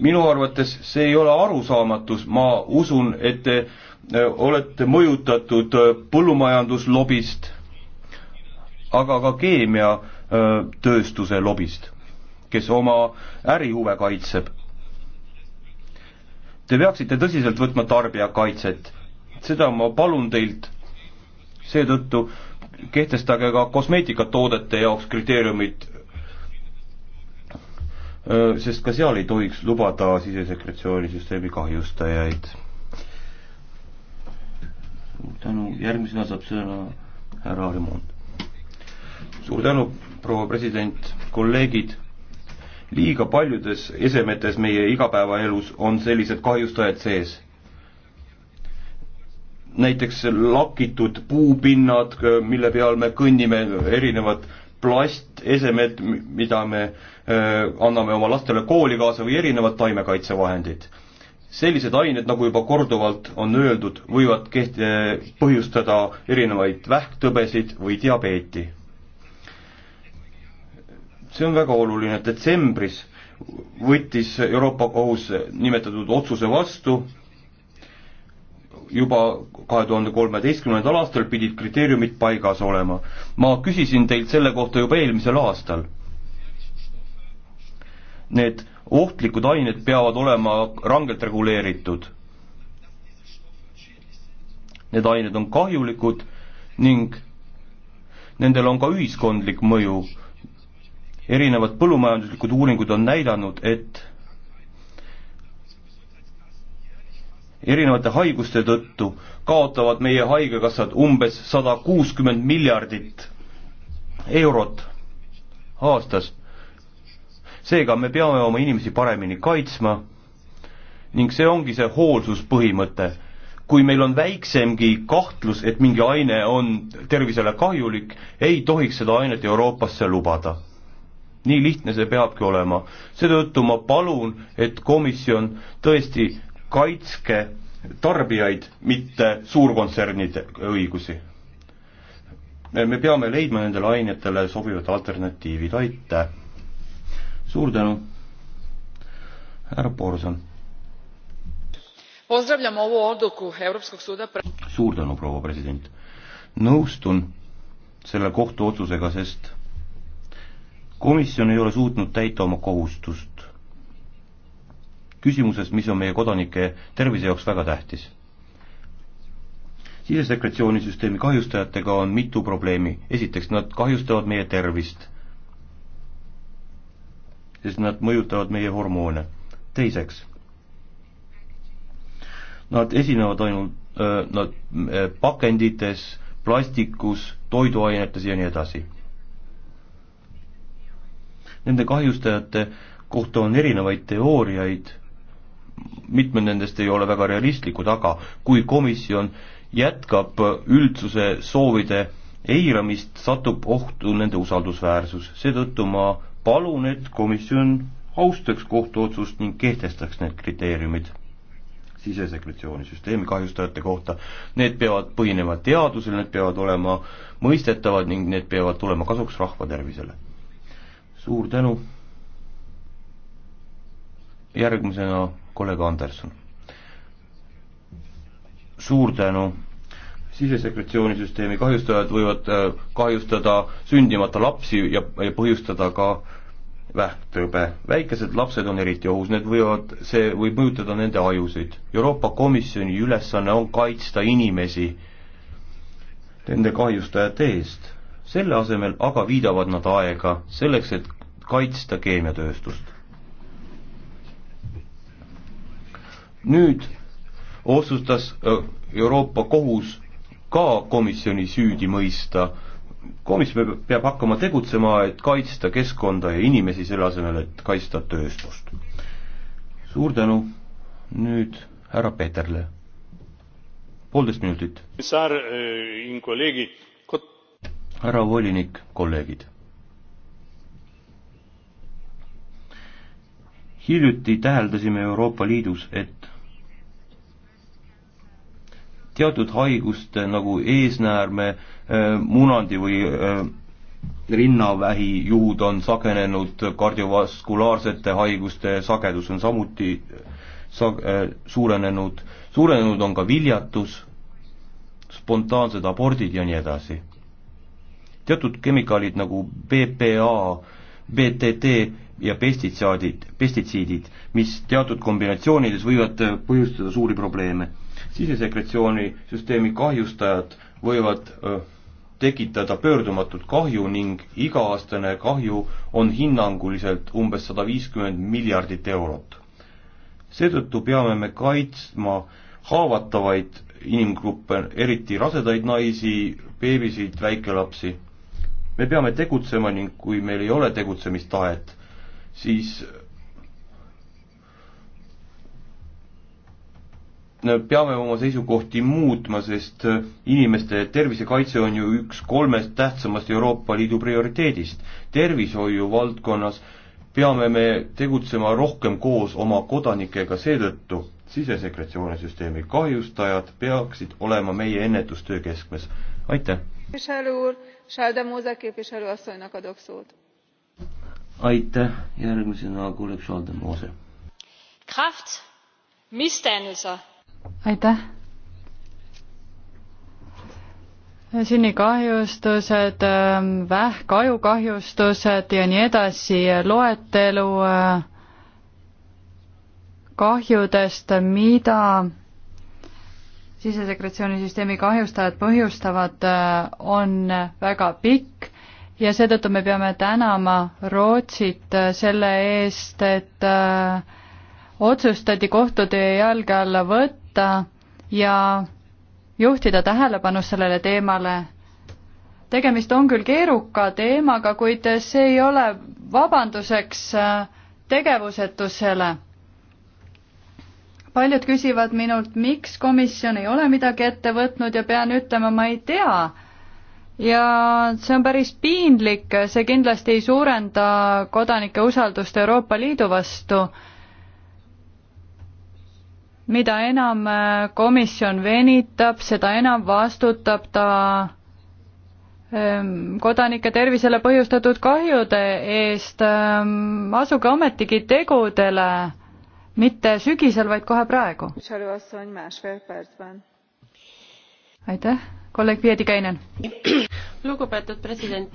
minu arvates see ei ole arusaamatus, ma usun, et te äh, olete mõjutatud äh, põllumajanduslobist, aga ka keemiatööstuse äh, lobist, kes oma ärihuve kaitseb. Te peaksite tõsiselt võtma tarbijakaitset, seda ma palun teilt, seetõttu kehtestage ka kosmeetikatoodete jaoks kriteeriumid, sest ka seal ei tohiks lubada sisesekretsioonisüsteemi kahjustajaid. suur tänu, järgmisena saab sõna härra Arimond. suur tänu, proua president, kolleegid, liiga paljudes esemetes meie igapäevaelus on sellised kahjustajad sees. näiteks lakitud puupinnad, mille peal me kõnnime, erinevad plast, esemed, mida me öö, anname oma lastele kooli kaasa või erinevad taimekaitsevahendid. sellised ained, nagu juba korduvalt on öeldud, võivad keht-, põhjustada erinevaid vähktõbesid või diabeeti. see on väga oluline, detsembris võttis Euroopa Kohus nimetatud otsuse vastu, juba kahe tuhande kolmeteistkümnendal aastal pidid kriteeriumid paigas olema. ma küsisin teilt selle kohta juba eelmisel aastal. Need ohtlikud ained peavad olema rangelt reguleeritud. Need ained on kahjulikud ning nendel on ka ühiskondlik mõju. erinevad põllumajanduslikud uuringud on näidanud, et erinevate haiguste tõttu kaotavad meie haigekassad umbes sada kuuskümmend miljardit eurot aastas. seega me peame oma inimesi paremini kaitsma ning see ongi see hoolsuspõhimõte. kui meil on väiksemgi kahtlus, et mingi aine on tervisele kahjulik, ei tohiks seda ainet Euroopasse lubada nii lihtne see peabki olema. seetõttu ma palun, et komisjon tõesti kaitske tarbijaid, mitte suurkontsernide õigusi. me peame leidma nendele ainetele sobivad alternatiivid, aitäh! suur tänu, härra Borson! pozdravljam ovu odluku Europskog suda suur tänu, proua president! nõustun selle kohtuotsusega, sest komisjon ei ole suutnud täita oma kohustust küsimuses, mis on meie kodanike tervise jaoks väga tähtis. sisesekretsioonisüsteemi kahjustajatega on mitu probleemi, esiteks nad kahjustavad meie tervist, sest nad mõjutavad meie hormoone, teiseks, nad esinevad ainult, äh, nad äh, pakendites, plastikus, toiduainetes ja nii edasi. Nende kahjustajate kohta on erinevaid teooriaid mitmed nendest ei ole väga realistlikud, aga kui komisjon jätkab üldsuse soovide eiramist, satub ohtu nende usaldusväärsus. seetõttu ma palun, et komisjon austaks kohtuotsust ning kehtestaks need kriteeriumid sisesekretsiooni süsteemi kahjustajate kohta. Need peavad põhinema teadusel, need peavad olema mõistetavad ning need peavad tulema kasuks rahva tervisele. suur tänu. järgmisena kolleeg Anderson. suur tänu. sisesekretsioonisüsteemi kahjustajad võivad äh, kahjustada sündimata lapsi ja, ja põhjustada ka vähktõbe. väikesed lapsed on eriti ohus, need võivad, see võib mõjutada nende ajusid. Euroopa Komisjoni ülesanne on kaitsta inimesi nende kahjustajate eest. selle asemel aga viidavad nad aega selleks, et kaitsta keemiatööstust. nüüd otsustas äh, Euroopa Kohus ka komisjoni süüdi mõista. komisjon peab hakkama tegutsema, et kaitsta keskkonda ja inimesi, selle asemel, et kaitsta tööstust. suur tänu, nüüd härra Peterle. poolteist minutit. Äh, härra volinik, kolleegid hiljuti täheldasime Euroopa Liidus, et teatud haiguste nagu eesnäärme, äh, munandi või äh, rinnavähi juhud on sagenenud, kardiovaskulaarsete haiguste sagedus on samuti äh, sag-, suurenenud, suurenenud on ka viljatus, spontaansed abordid ja nii edasi. teatud kemikaalid nagu BPA, BTT ja pestitsiaadid, pestitsiidid, mis teatud kombinatsioonides võivad põhjustada suuri probleeme sisesekretsioonisüsteemi kahjustajad võivad tekitada pöördumatut kahju ning iga-aastane kahju on hinnanguliselt umbes sada viiskümmend miljardit eurot. seetõttu peame me kaitsma haavatavaid inimgruppe, eriti rasedaid naisi, beebisid, väikelapsi. me peame tegutsema ning kui meil ei ole tegutsemistahet, siis peame oma seisukohti muutma, sest inimeste tervisekaitse on ju üks kolmest tähtsamast Euroopa Liidu prioriteedist. tervishoiu valdkonnas peame me tegutsema rohkem koos oma kodanikega, seetõttu sisesekretsiooni süsteemi kahjustajad peaksid olema meie ennetustöö keskmes. aitäh! aitäh, järgmisena kuuleb Šaldemose. kraft misdannelser aitäh sünnikahjustused, ähm, vähk, ajukahjustused ja nii edasi, loetelu äh, kahjudest, mida sisesekretsioonisüsteemi kahjustajad põhjustavad, äh, on väga pikk ja seetõttu me peame tänama Rootsit äh, selle eest, et otsustati kohtutöö jalge alla võtta, võtta ja juhtida tähelepanu sellele teemale. tegemist on küll keeruka teemaga, kuid see ei ole vabanduseks äh, tegevusetusele. paljud küsivad minult, miks komisjon ei ole midagi ette võtnud ja pean ütlema, ma ei tea. ja see on päris piinlik, see kindlasti ei suurenda kodanike usaldust Euroopa Liidu vastu mida enam äh, komisjon venitab, seda enam vastutab ta ähm, kodanike tervisele põhjustatud kahjude eest. Ähm, asuge ometigi tegudele, mitte sügisel, vaid kohe praegu. aitäh, kolleeg Pietikäinen. lugupeetud president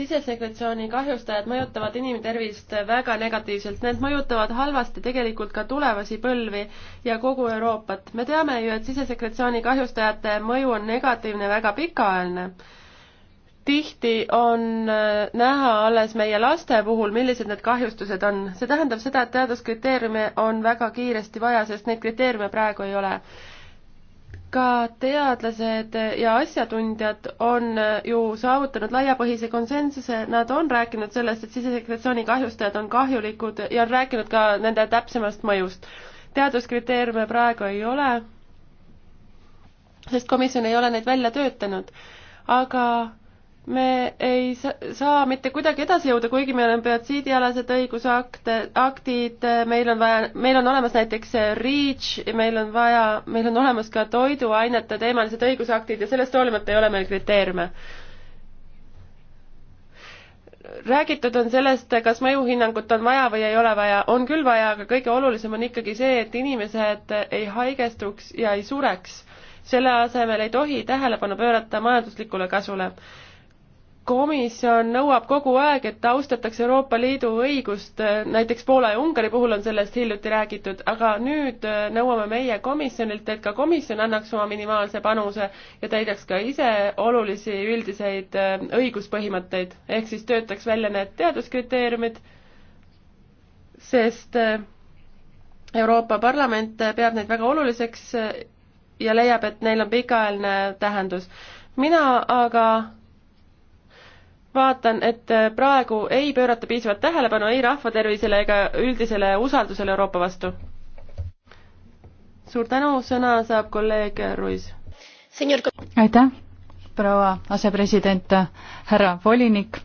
sisesekretsiooni kahjustajad mõjutavad inimtervist väga negatiivselt, need mõjutavad halvasti tegelikult ka tulevasi põlvi ja kogu Euroopat. me teame ju, et sisesekretsiooni kahjustajate mõju on negatiivne väga pikaajaline. tihti on äh, näha alles meie laste puhul, millised need kahjustused on. see tähendab seda, et teaduskriteeriume on väga kiiresti vaja, sest neid kriteeriume praegu ei ole ka teadlased ja asjatundjad on ju saavutanud laiapõhise konsensuse, nad on rääkinud sellest, et sisesekretsiooni kahjustajad on kahjulikud ja on rääkinud ka nende täpsemast mõjust. teaduskriteeriume praegu ei ole, sest komisjon ei ole neid välja töötanud, aga me ei saa mitte kuidagi edasi jõuda, kuigi meil on biotsiidialased õigusakte, aktid, meil on vaja, meil on olemas näiteks REACH, meil on vaja, meil on olemas ka toiduainete teemalised õigusaktid ja sellest hoolimata ei ole meil kriteeriume. räägitud on sellest, kas mõjuhinnangut on vaja või ei ole vaja, on küll vaja, aga kõige olulisem on ikkagi see, et inimesed ei haigestuks ja ei sureks. selle asemel ei tohi tähelepanu pöörata majanduslikule kasule komisjon nõuab kogu aeg, et austatakse Euroopa Liidu õigust, näiteks Poola ja Ungari puhul on sellest hiljuti räägitud, aga nüüd äh, nõuame meie komisjonilt, et ka komisjon annaks oma minimaalse panuse ja täidaks ka ise olulisi üldiseid äh, õiguspõhimõtteid, ehk siis töötaks välja need teaduskriteeriumid, sest äh, Euroopa Parlament peab neid väga oluliseks ja leiab, et neil on pikaajaline tähendus. mina aga vaatan, et äh, praegu ei pöörata piisavat tähelepanu ei rahvatervisele ega üldisele usaldusele Euroopa vastu. suur tänu, sõna saab kolleeg Ruiz. aitäh, proua asepresident, härra volinik.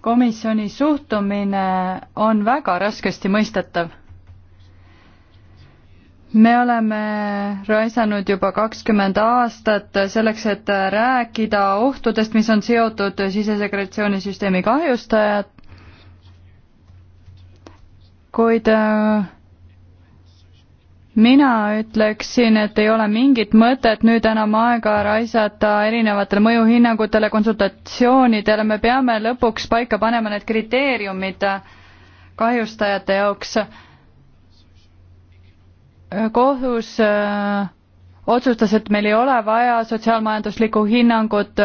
komisjoni suhtumine on väga raskesti mõistetav me oleme raisanud juba kakskümmend aastat selleks, et rääkida ohtudest, mis on seotud sisesegregatsioonisüsteemi kahjustajad, kuid äh, mina ütleksin, et ei ole mingit mõtet nüüd enam aega raisata erinevatele mõjuhinnangutele, konsultatsioonidele, me peame lõpuks paika panema need kriteeriumid kahjustajate jaoks kohus äh, otsustas, et meil ei ole vaja sotsiaalmajanduslikku hinnangut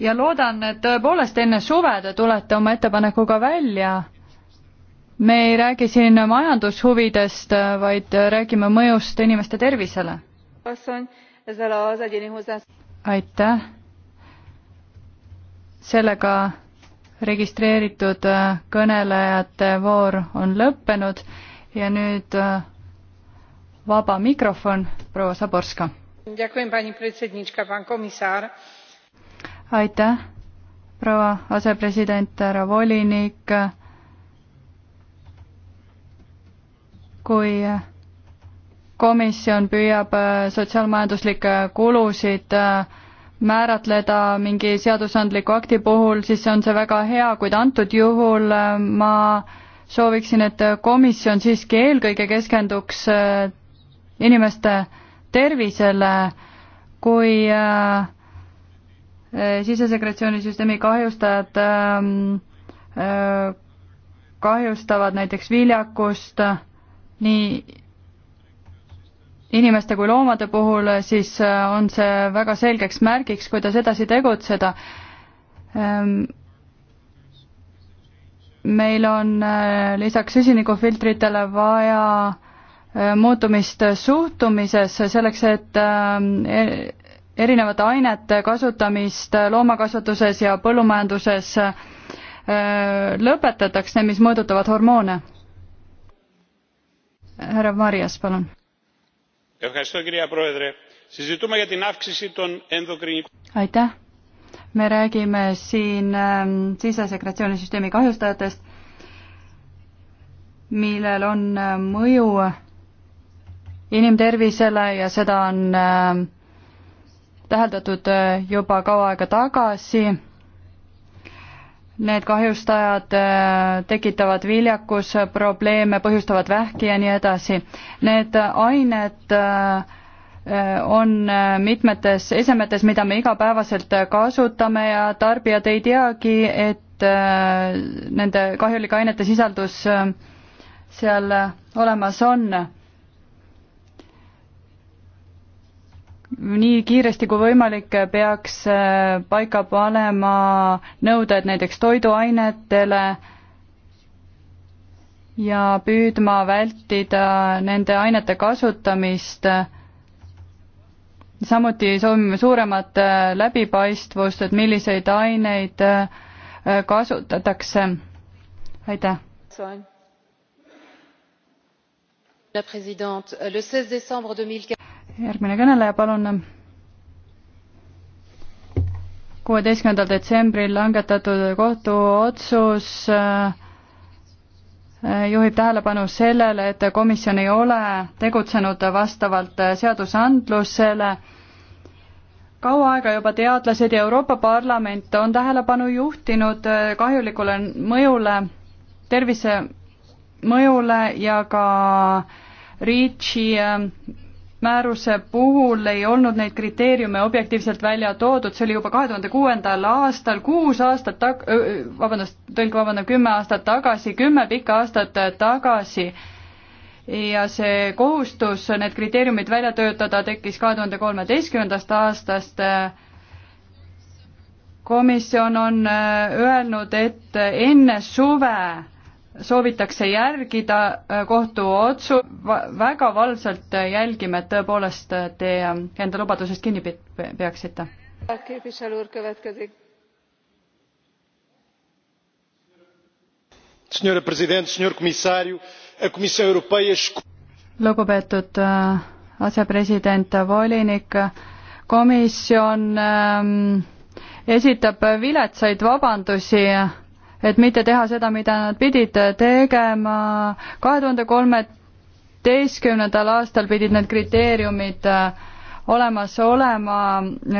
ja loodan, et tõepoolest enne suve te tulete oma ettepanekuga välja. me ei räägi siin majandushuvidest, vaid räägime mõjust inimeste tervisele. aitäh. sellega registreeritud kõnelejate voor on lõppenud ja nüüd äh, vaba mikrofon, proua Saborska. aitäh, proua asepresident, härra volinik. kui komisjon püüab sotsiaalmajanduslikke kulusid määratleda mingi seadusandliku akti puhul, siis on see väga hea, kuid antud juhul ma sooviksin, et komisjon siiski eelkõige keskenduks inimeste tervisele, kui äh, äh sisesekretsioonisüsteemi kahjustajad äh, äh, kahjustavad näiteks viljakust nii inimeste kui loomade puhul, siis äh, on see väga selgeks märgiks, kuidas edasi tegutseda. Ähm, meil on äh, lisaks süsinikufiltritele vaja Äh, muutumist suhtumises, selleks et äh, erinevate ainete kasutamist loomakasvatuses ja põllumajanduses äh, lõpetataks, need, mis mõõdutavad hormoone. härra Marias, palun. aitäh, me räägime siin ähm, sisesekretsioonisüsteemi kahjustajatest, millel on mõju inimtervisele ja seda on äh, täheldatud äh, juba kaua aega tagasi. Need kahjustajad äh, tekitavad viljakusprobleeme, põhjustavad vähki ja nii edasi. Need ained äh, on äh, mitmetes esemetes, mida me igapäevaselt kasutame ja tarbijad ei teagi, et äh, nende kahjulike ainete sisaldus äh, seal olemas on nii kiiresti kui võimalik peaks äh, paika panema nõuded näiteks toiduainetele ja püüdma vältida nende ainete kasutamist. samuti soovime suuremat äh, läbipaistvust, et milliseid aineid äh, kasutatakse. aitäh madame la présidente le seize décembre deux mille quinze järgmine kõneleja, palun. kuueteistkümnendal detsembril langetatud kohtuotsus äh, juhib tähelepanu sellele, et komisjon ei ole tegutsenud vastavalt seadusandlusele kaua aega juba teadlased ja Euroopa Parlament on tähelepanu juhtinud äh, kahjulikule mõjule, tervise mõjule ja ka REACH-i äh, määruse puhul ei olnud neid kriteeriume objektiivselt välja toodud, see oli juba kahe tuhande kuuendal aastal, kuus aastat tag-, vabandust, tõlk vabandab, kümme aastat tagasi, kümme pikka aastat tagasi ja see kohustus need kriteeriumid välja töötada tekkis kahe tuhande kolmeteistkümnendast aastast. komisjon on öelnud, et enne suve soovitakse järgida äh, kohtuotsu, väga valvsalt äh, jälgime, et tõepoolest äh, te enda lubadusest kinni peaksite. lugupeetud asepresident, volinik, komisjon ähm, esitab viletsaid vabandusi et mitte teha seda, mida nad pidid tegema. kahe tuhande kolmeteistkümnendal aastal pidid need kriteeriumid äh, olemas olema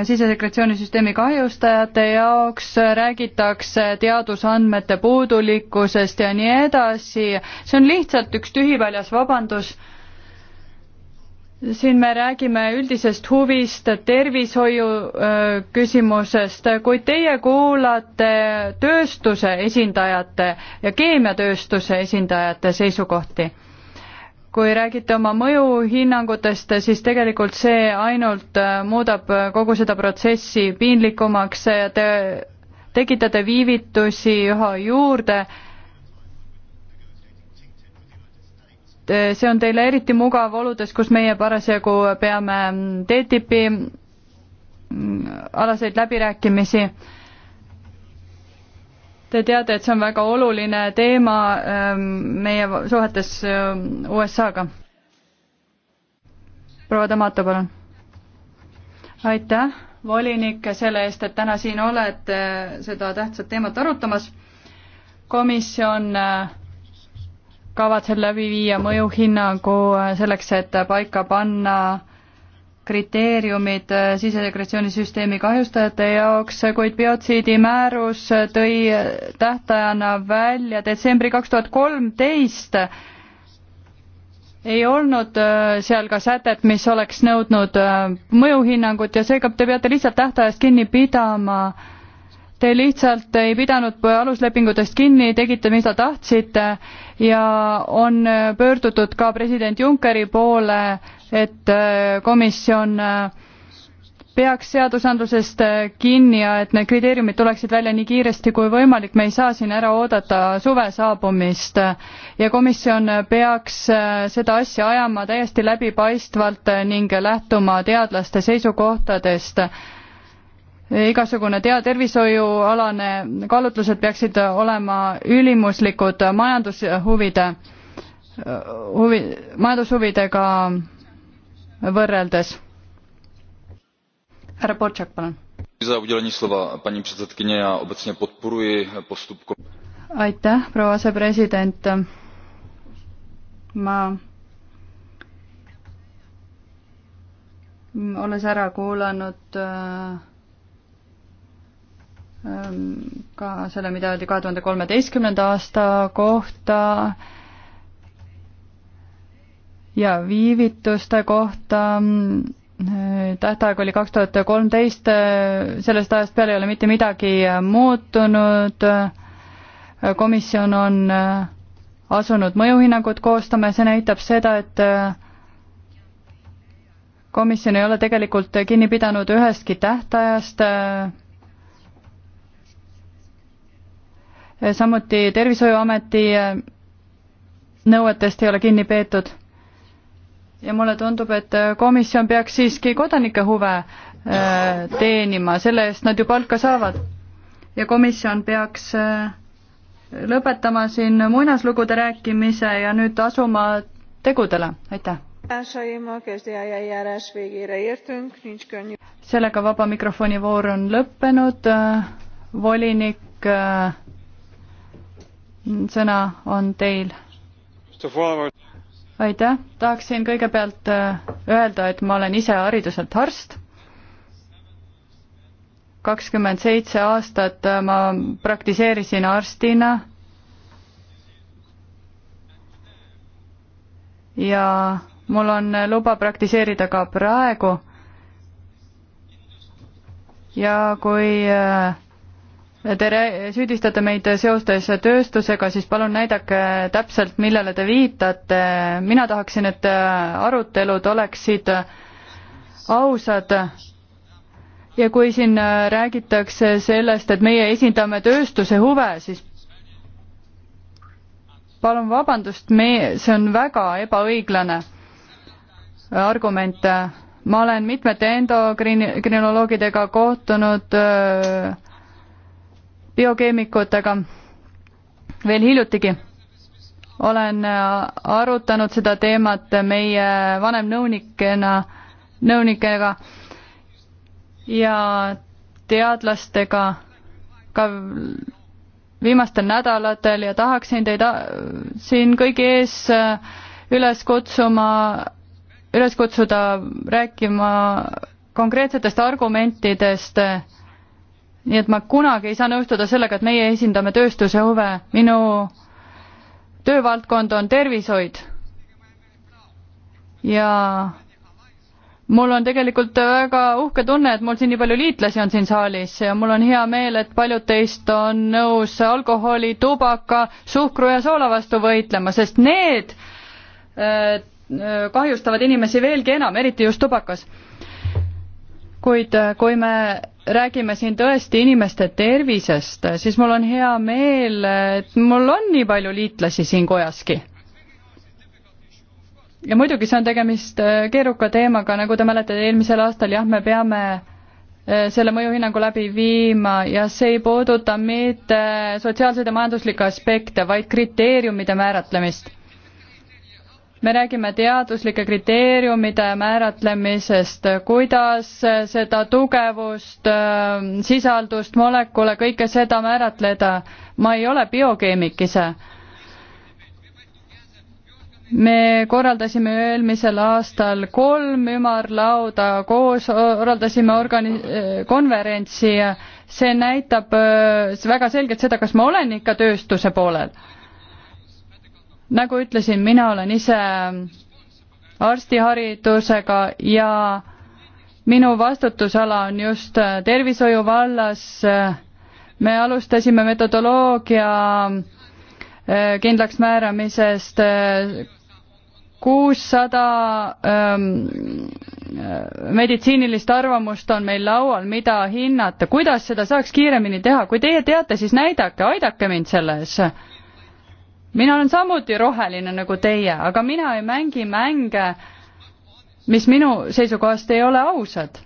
sisesekretsioonisüsteemi kahjustajate jaoks, räägitakse teadusandmete puudulikkusest ja nii edasi. see on lihtsalt üks tühipaljas vabandus siin me räägime üldisest huvist, tervishoiu küsimusest, kuid teie kuulate tööstuse esindajate ja keemiatööstuse esindajate seisukohti. kui räägite oma mõjuhinnangutest, siis tegelikult see ainult muudab kogu seda protsessi piinlikumaks ja te tekitate viivitusi üha juurde Eh, see on teile eriti mugav oludes, kus meie parasjagu peame mm, TTIP-i mm, alaseid läbirääkimisi. Te teate, et see on väga oluline teema ehm, meie suhetes ehm, USA-ga. proua Tomato, palun. aitäh, volinik, selle eest, et täna siin olete eh, seda tähtsat teemat arutamas. komisjon äh, kavatseb läbi viia mõjuhinnangu selleks, et paika panna kriteeriumid sisesekretsioonisüsteemi kahjustajate jaoks, kuid biotsiidi määrus tõi tähtajana välja detsembri kaks tuhat kolmteist. ei olnud seal ka sätet, mis oleks nõudnud mõjuhinnangut ja seega te peate lihtsalt tähtajast kinni pidama Te lihtsalt ei pidanud aluslepingutest kinni, tegite, mis te tahtsite ja on pöördutud ka president Junckeri poole, et äh, komisjon äh, peaks seadusandlusest äh, kinni ja et need kriteeriumid tuleksid välja nii kiiresti kui võimalik, me ei saa siin ära oodata suve saabumist ja komisjon peaks seda asja ajama täiesti läbipaistvalt ning lähtuma teadlaste seisukohtadest igasugune tea-, tervishoiualane kaalutlused peaksid olema ülimuslikud majandushuvide, huvi, majandushuvidega võrreldes. härra Bortšak, palun. aitäh, proua asepresident. ma olles ära kuulanud äh, Ehm, ka selle, mida öeldi kahe tuhande kolmeteistkümnenda aasta kohta ja viivituste kohta. Ehm, tähtaeg oli kaks tuhat kolmteist, sellest ajast peale ei ole mitte midagi muutunud. komisjon on äh, asunud mõjuhinnangut koostama ja see näitab seda, et äh, komisjon ei ole tegelikult kinni pidanud ühestki tähtajast äh, Eh, samuti Tervishoiuameti eh, nõuetest ei ole kinni peetud. ja mulle tundub, et eh, komisjon peaks siiski kodanike huve teenima, selle eest nad ju palka saavad. ja komisjon peaks lõpetama siin muinaslugude rääkimise ja nüüd asuma tegudele, aitäh. sellega vaba mikrofoni voor on lõppenud, volinik sõna on teil. aitäh, tahaksin kõigepealt äh, öelda, et ma olen ise hariduselt arst. kakskümmend seitse aastat äh, ma praktiseerisin arstina. ja mul on äh, luba praktiseerida ka praegu. ja kui äh, Te süüdistate meid seostes tööstusega, siis palun näidake täpselt, millele te viitate. mina tahaksin, et arutelud oleksid ausad ja kui siin räägitakse sellest, et meie esindame tööstuse huve, siis palun vabandust, me, see on väga ebaõiglane argument. ma olen mitmete endokrinoloogidega kohtunud öö, biokeemikutega veel hiljutigi. olen arutanud seda teemat meie vanemnõunikena, nõunikega ja teadlastega ka viimastel nädalatel ja tahaksin teid siin kõigi ees üles kutsuma, üles kutsuda rääkima konkreetsetest argumentidest nii et ma kunagi ei saa nõustuda sellega, et meie esindame tööstuse huve, minu töövaldkond on tervishoid. ja mul on tegelikult väga uhke tunne, et mul siin nii palju liitlasi on siin saalis ja mul on hea meel, et paljud teist on nõus alkoholi, tubaka, suhkru ja soola vastu võitlema, sest need äh, kahjustavad inimesi veelgi enam, eriti just tubakas. kuid äh, kui me räägime siin tõesti inimeste tervisest, siis mul on hea meel, et mul on nii palju liitlasi siin kojaski. ja muidugi see on tegemist äh, keeruka teemaga, nagu te mäletate, eelmisel aastal jah, me peame äh, selle mõjuhinnangu läbi viima ja see ei puuduta mitte sotsiaalseid ja majanduslikke aspekte, vaid kriteeriumide määratlemist me räägime teaduslike kriteeriumide määratlemisest, kuidas seda tugevust, ähm, sisaldust, molekule, kõike seda määratleda. ma ei ole biokeemik ise. me korraldasime eelmisel aastal kolm ümarlauda, koos korraldasime organi-, äh, konverentsi, see näitab äh, väga selgelt seda, kas ma olen ikka tööstuse poolel nagu ütlesin, mina olen ise arstiharidusega ja minu vastutusala on just äh, tervishoiu vallas. me alustasime metodoloogia äh, kindlaksmääramisest äh, kuussada ähm, meditsiinilist arvamust on meil laual, mida hinnata, kuidas seda saaks kiiremini teha, kui teie teate, siis näidake, aidake mind selles mina olen samuti roheline nagu teie, aga mina ei mängi mänge, mis minu seisukohast ei ole ausad.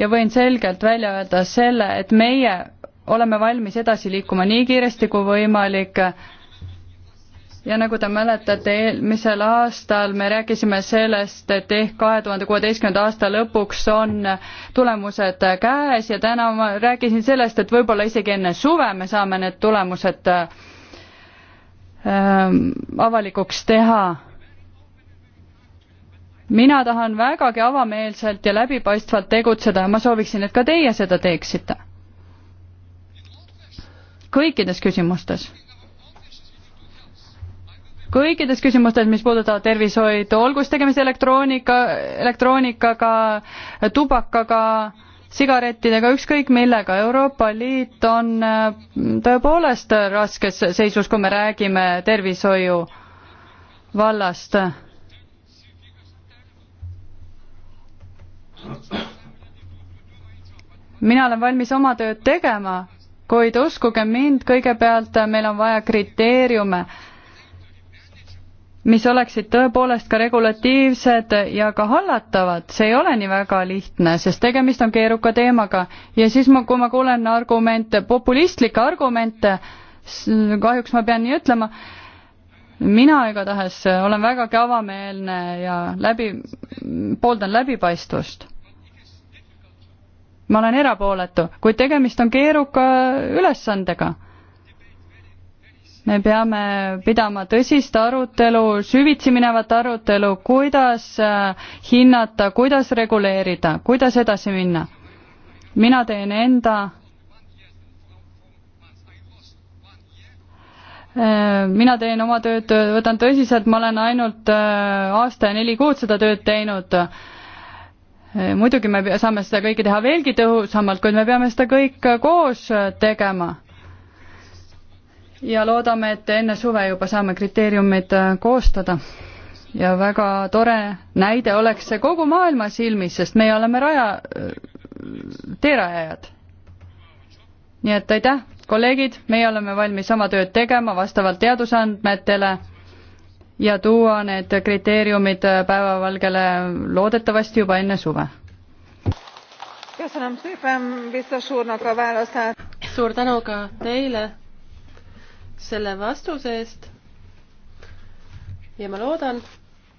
ja võin selgelt välja öelda selle, et meie oleme valmis edasi liikuma nii kiiresti kui võimalik ja nagu te mäletate, eelmisel aastal me rääkisime sellest, et ehk kahe tuhande kuueteistkümnenda aasta lõpuks on tulemused käes ja täna ma rääkisin sellest, et võib-olla isegi enne suve me saame need tulemused ähm, avalikuks teha. mina tahan vägagi avameelselt ja läbipaistvalt tegutseda ja ma sooviksin, et ka teie seda teeksite. kõikides küsimustes kõikides küsimustes, mis puudutavad tervishoidu, olgu siis tegemist elektroonika, elektroonikaga, tubakaga, sigarettidega, ükskõik millega, Euroopa Liit on äh, tõepoolest raskes seisus, kui me räägime tervishoiu vallast. mina olen valmis oma tööd tegema, kuid uskuge mind, kõigepealt meil on vaja kriteeriume mis oleksid tõepoolest ka regulatiivsed ja ka hallatavad, see ei ole nii väga lihtne, sest tegemist on keeruka teemaga ja siis ma, kui ma kuulen argumente, populistlikke argumente, kahjuks ma pean nii ütlema, mina igatahes olen vägagi avameelne ja läbi, pooldan läbipaistvust. ma olen erapooletu, kuid tegemist on keeruka ülesandega me peame pidama tõsist arutelu, süvitsi minevat arutelu, kuidas äh, hinnata, kuidas reguleerida, kuidas edasi minna. mina teen enda äh, mina teen oma tööd, võtan tõsiselt, ma olen ainult äh, aasta ja neli kuud seda tööd teinud. muidugi me saame seda kõike teha veelgi tõhusamalt, kuid me peame seda kõik koos tegema ja loodame, et enne suve juba saame kriteeriumid äh, koostada. ja väga tore näide oleks see kogu maailma silmis, sest meie oleme raja, äh, teerajajad. nii et aitäh, kolleegid, meie oleme valmis oma tööd tegema vastavalt teadusandmetele ja tuua need kriteeriumid äh, päevavalgele loodetavasti juba enne suve. suur tänu ka teile selle vastuse eest ja ma loodan,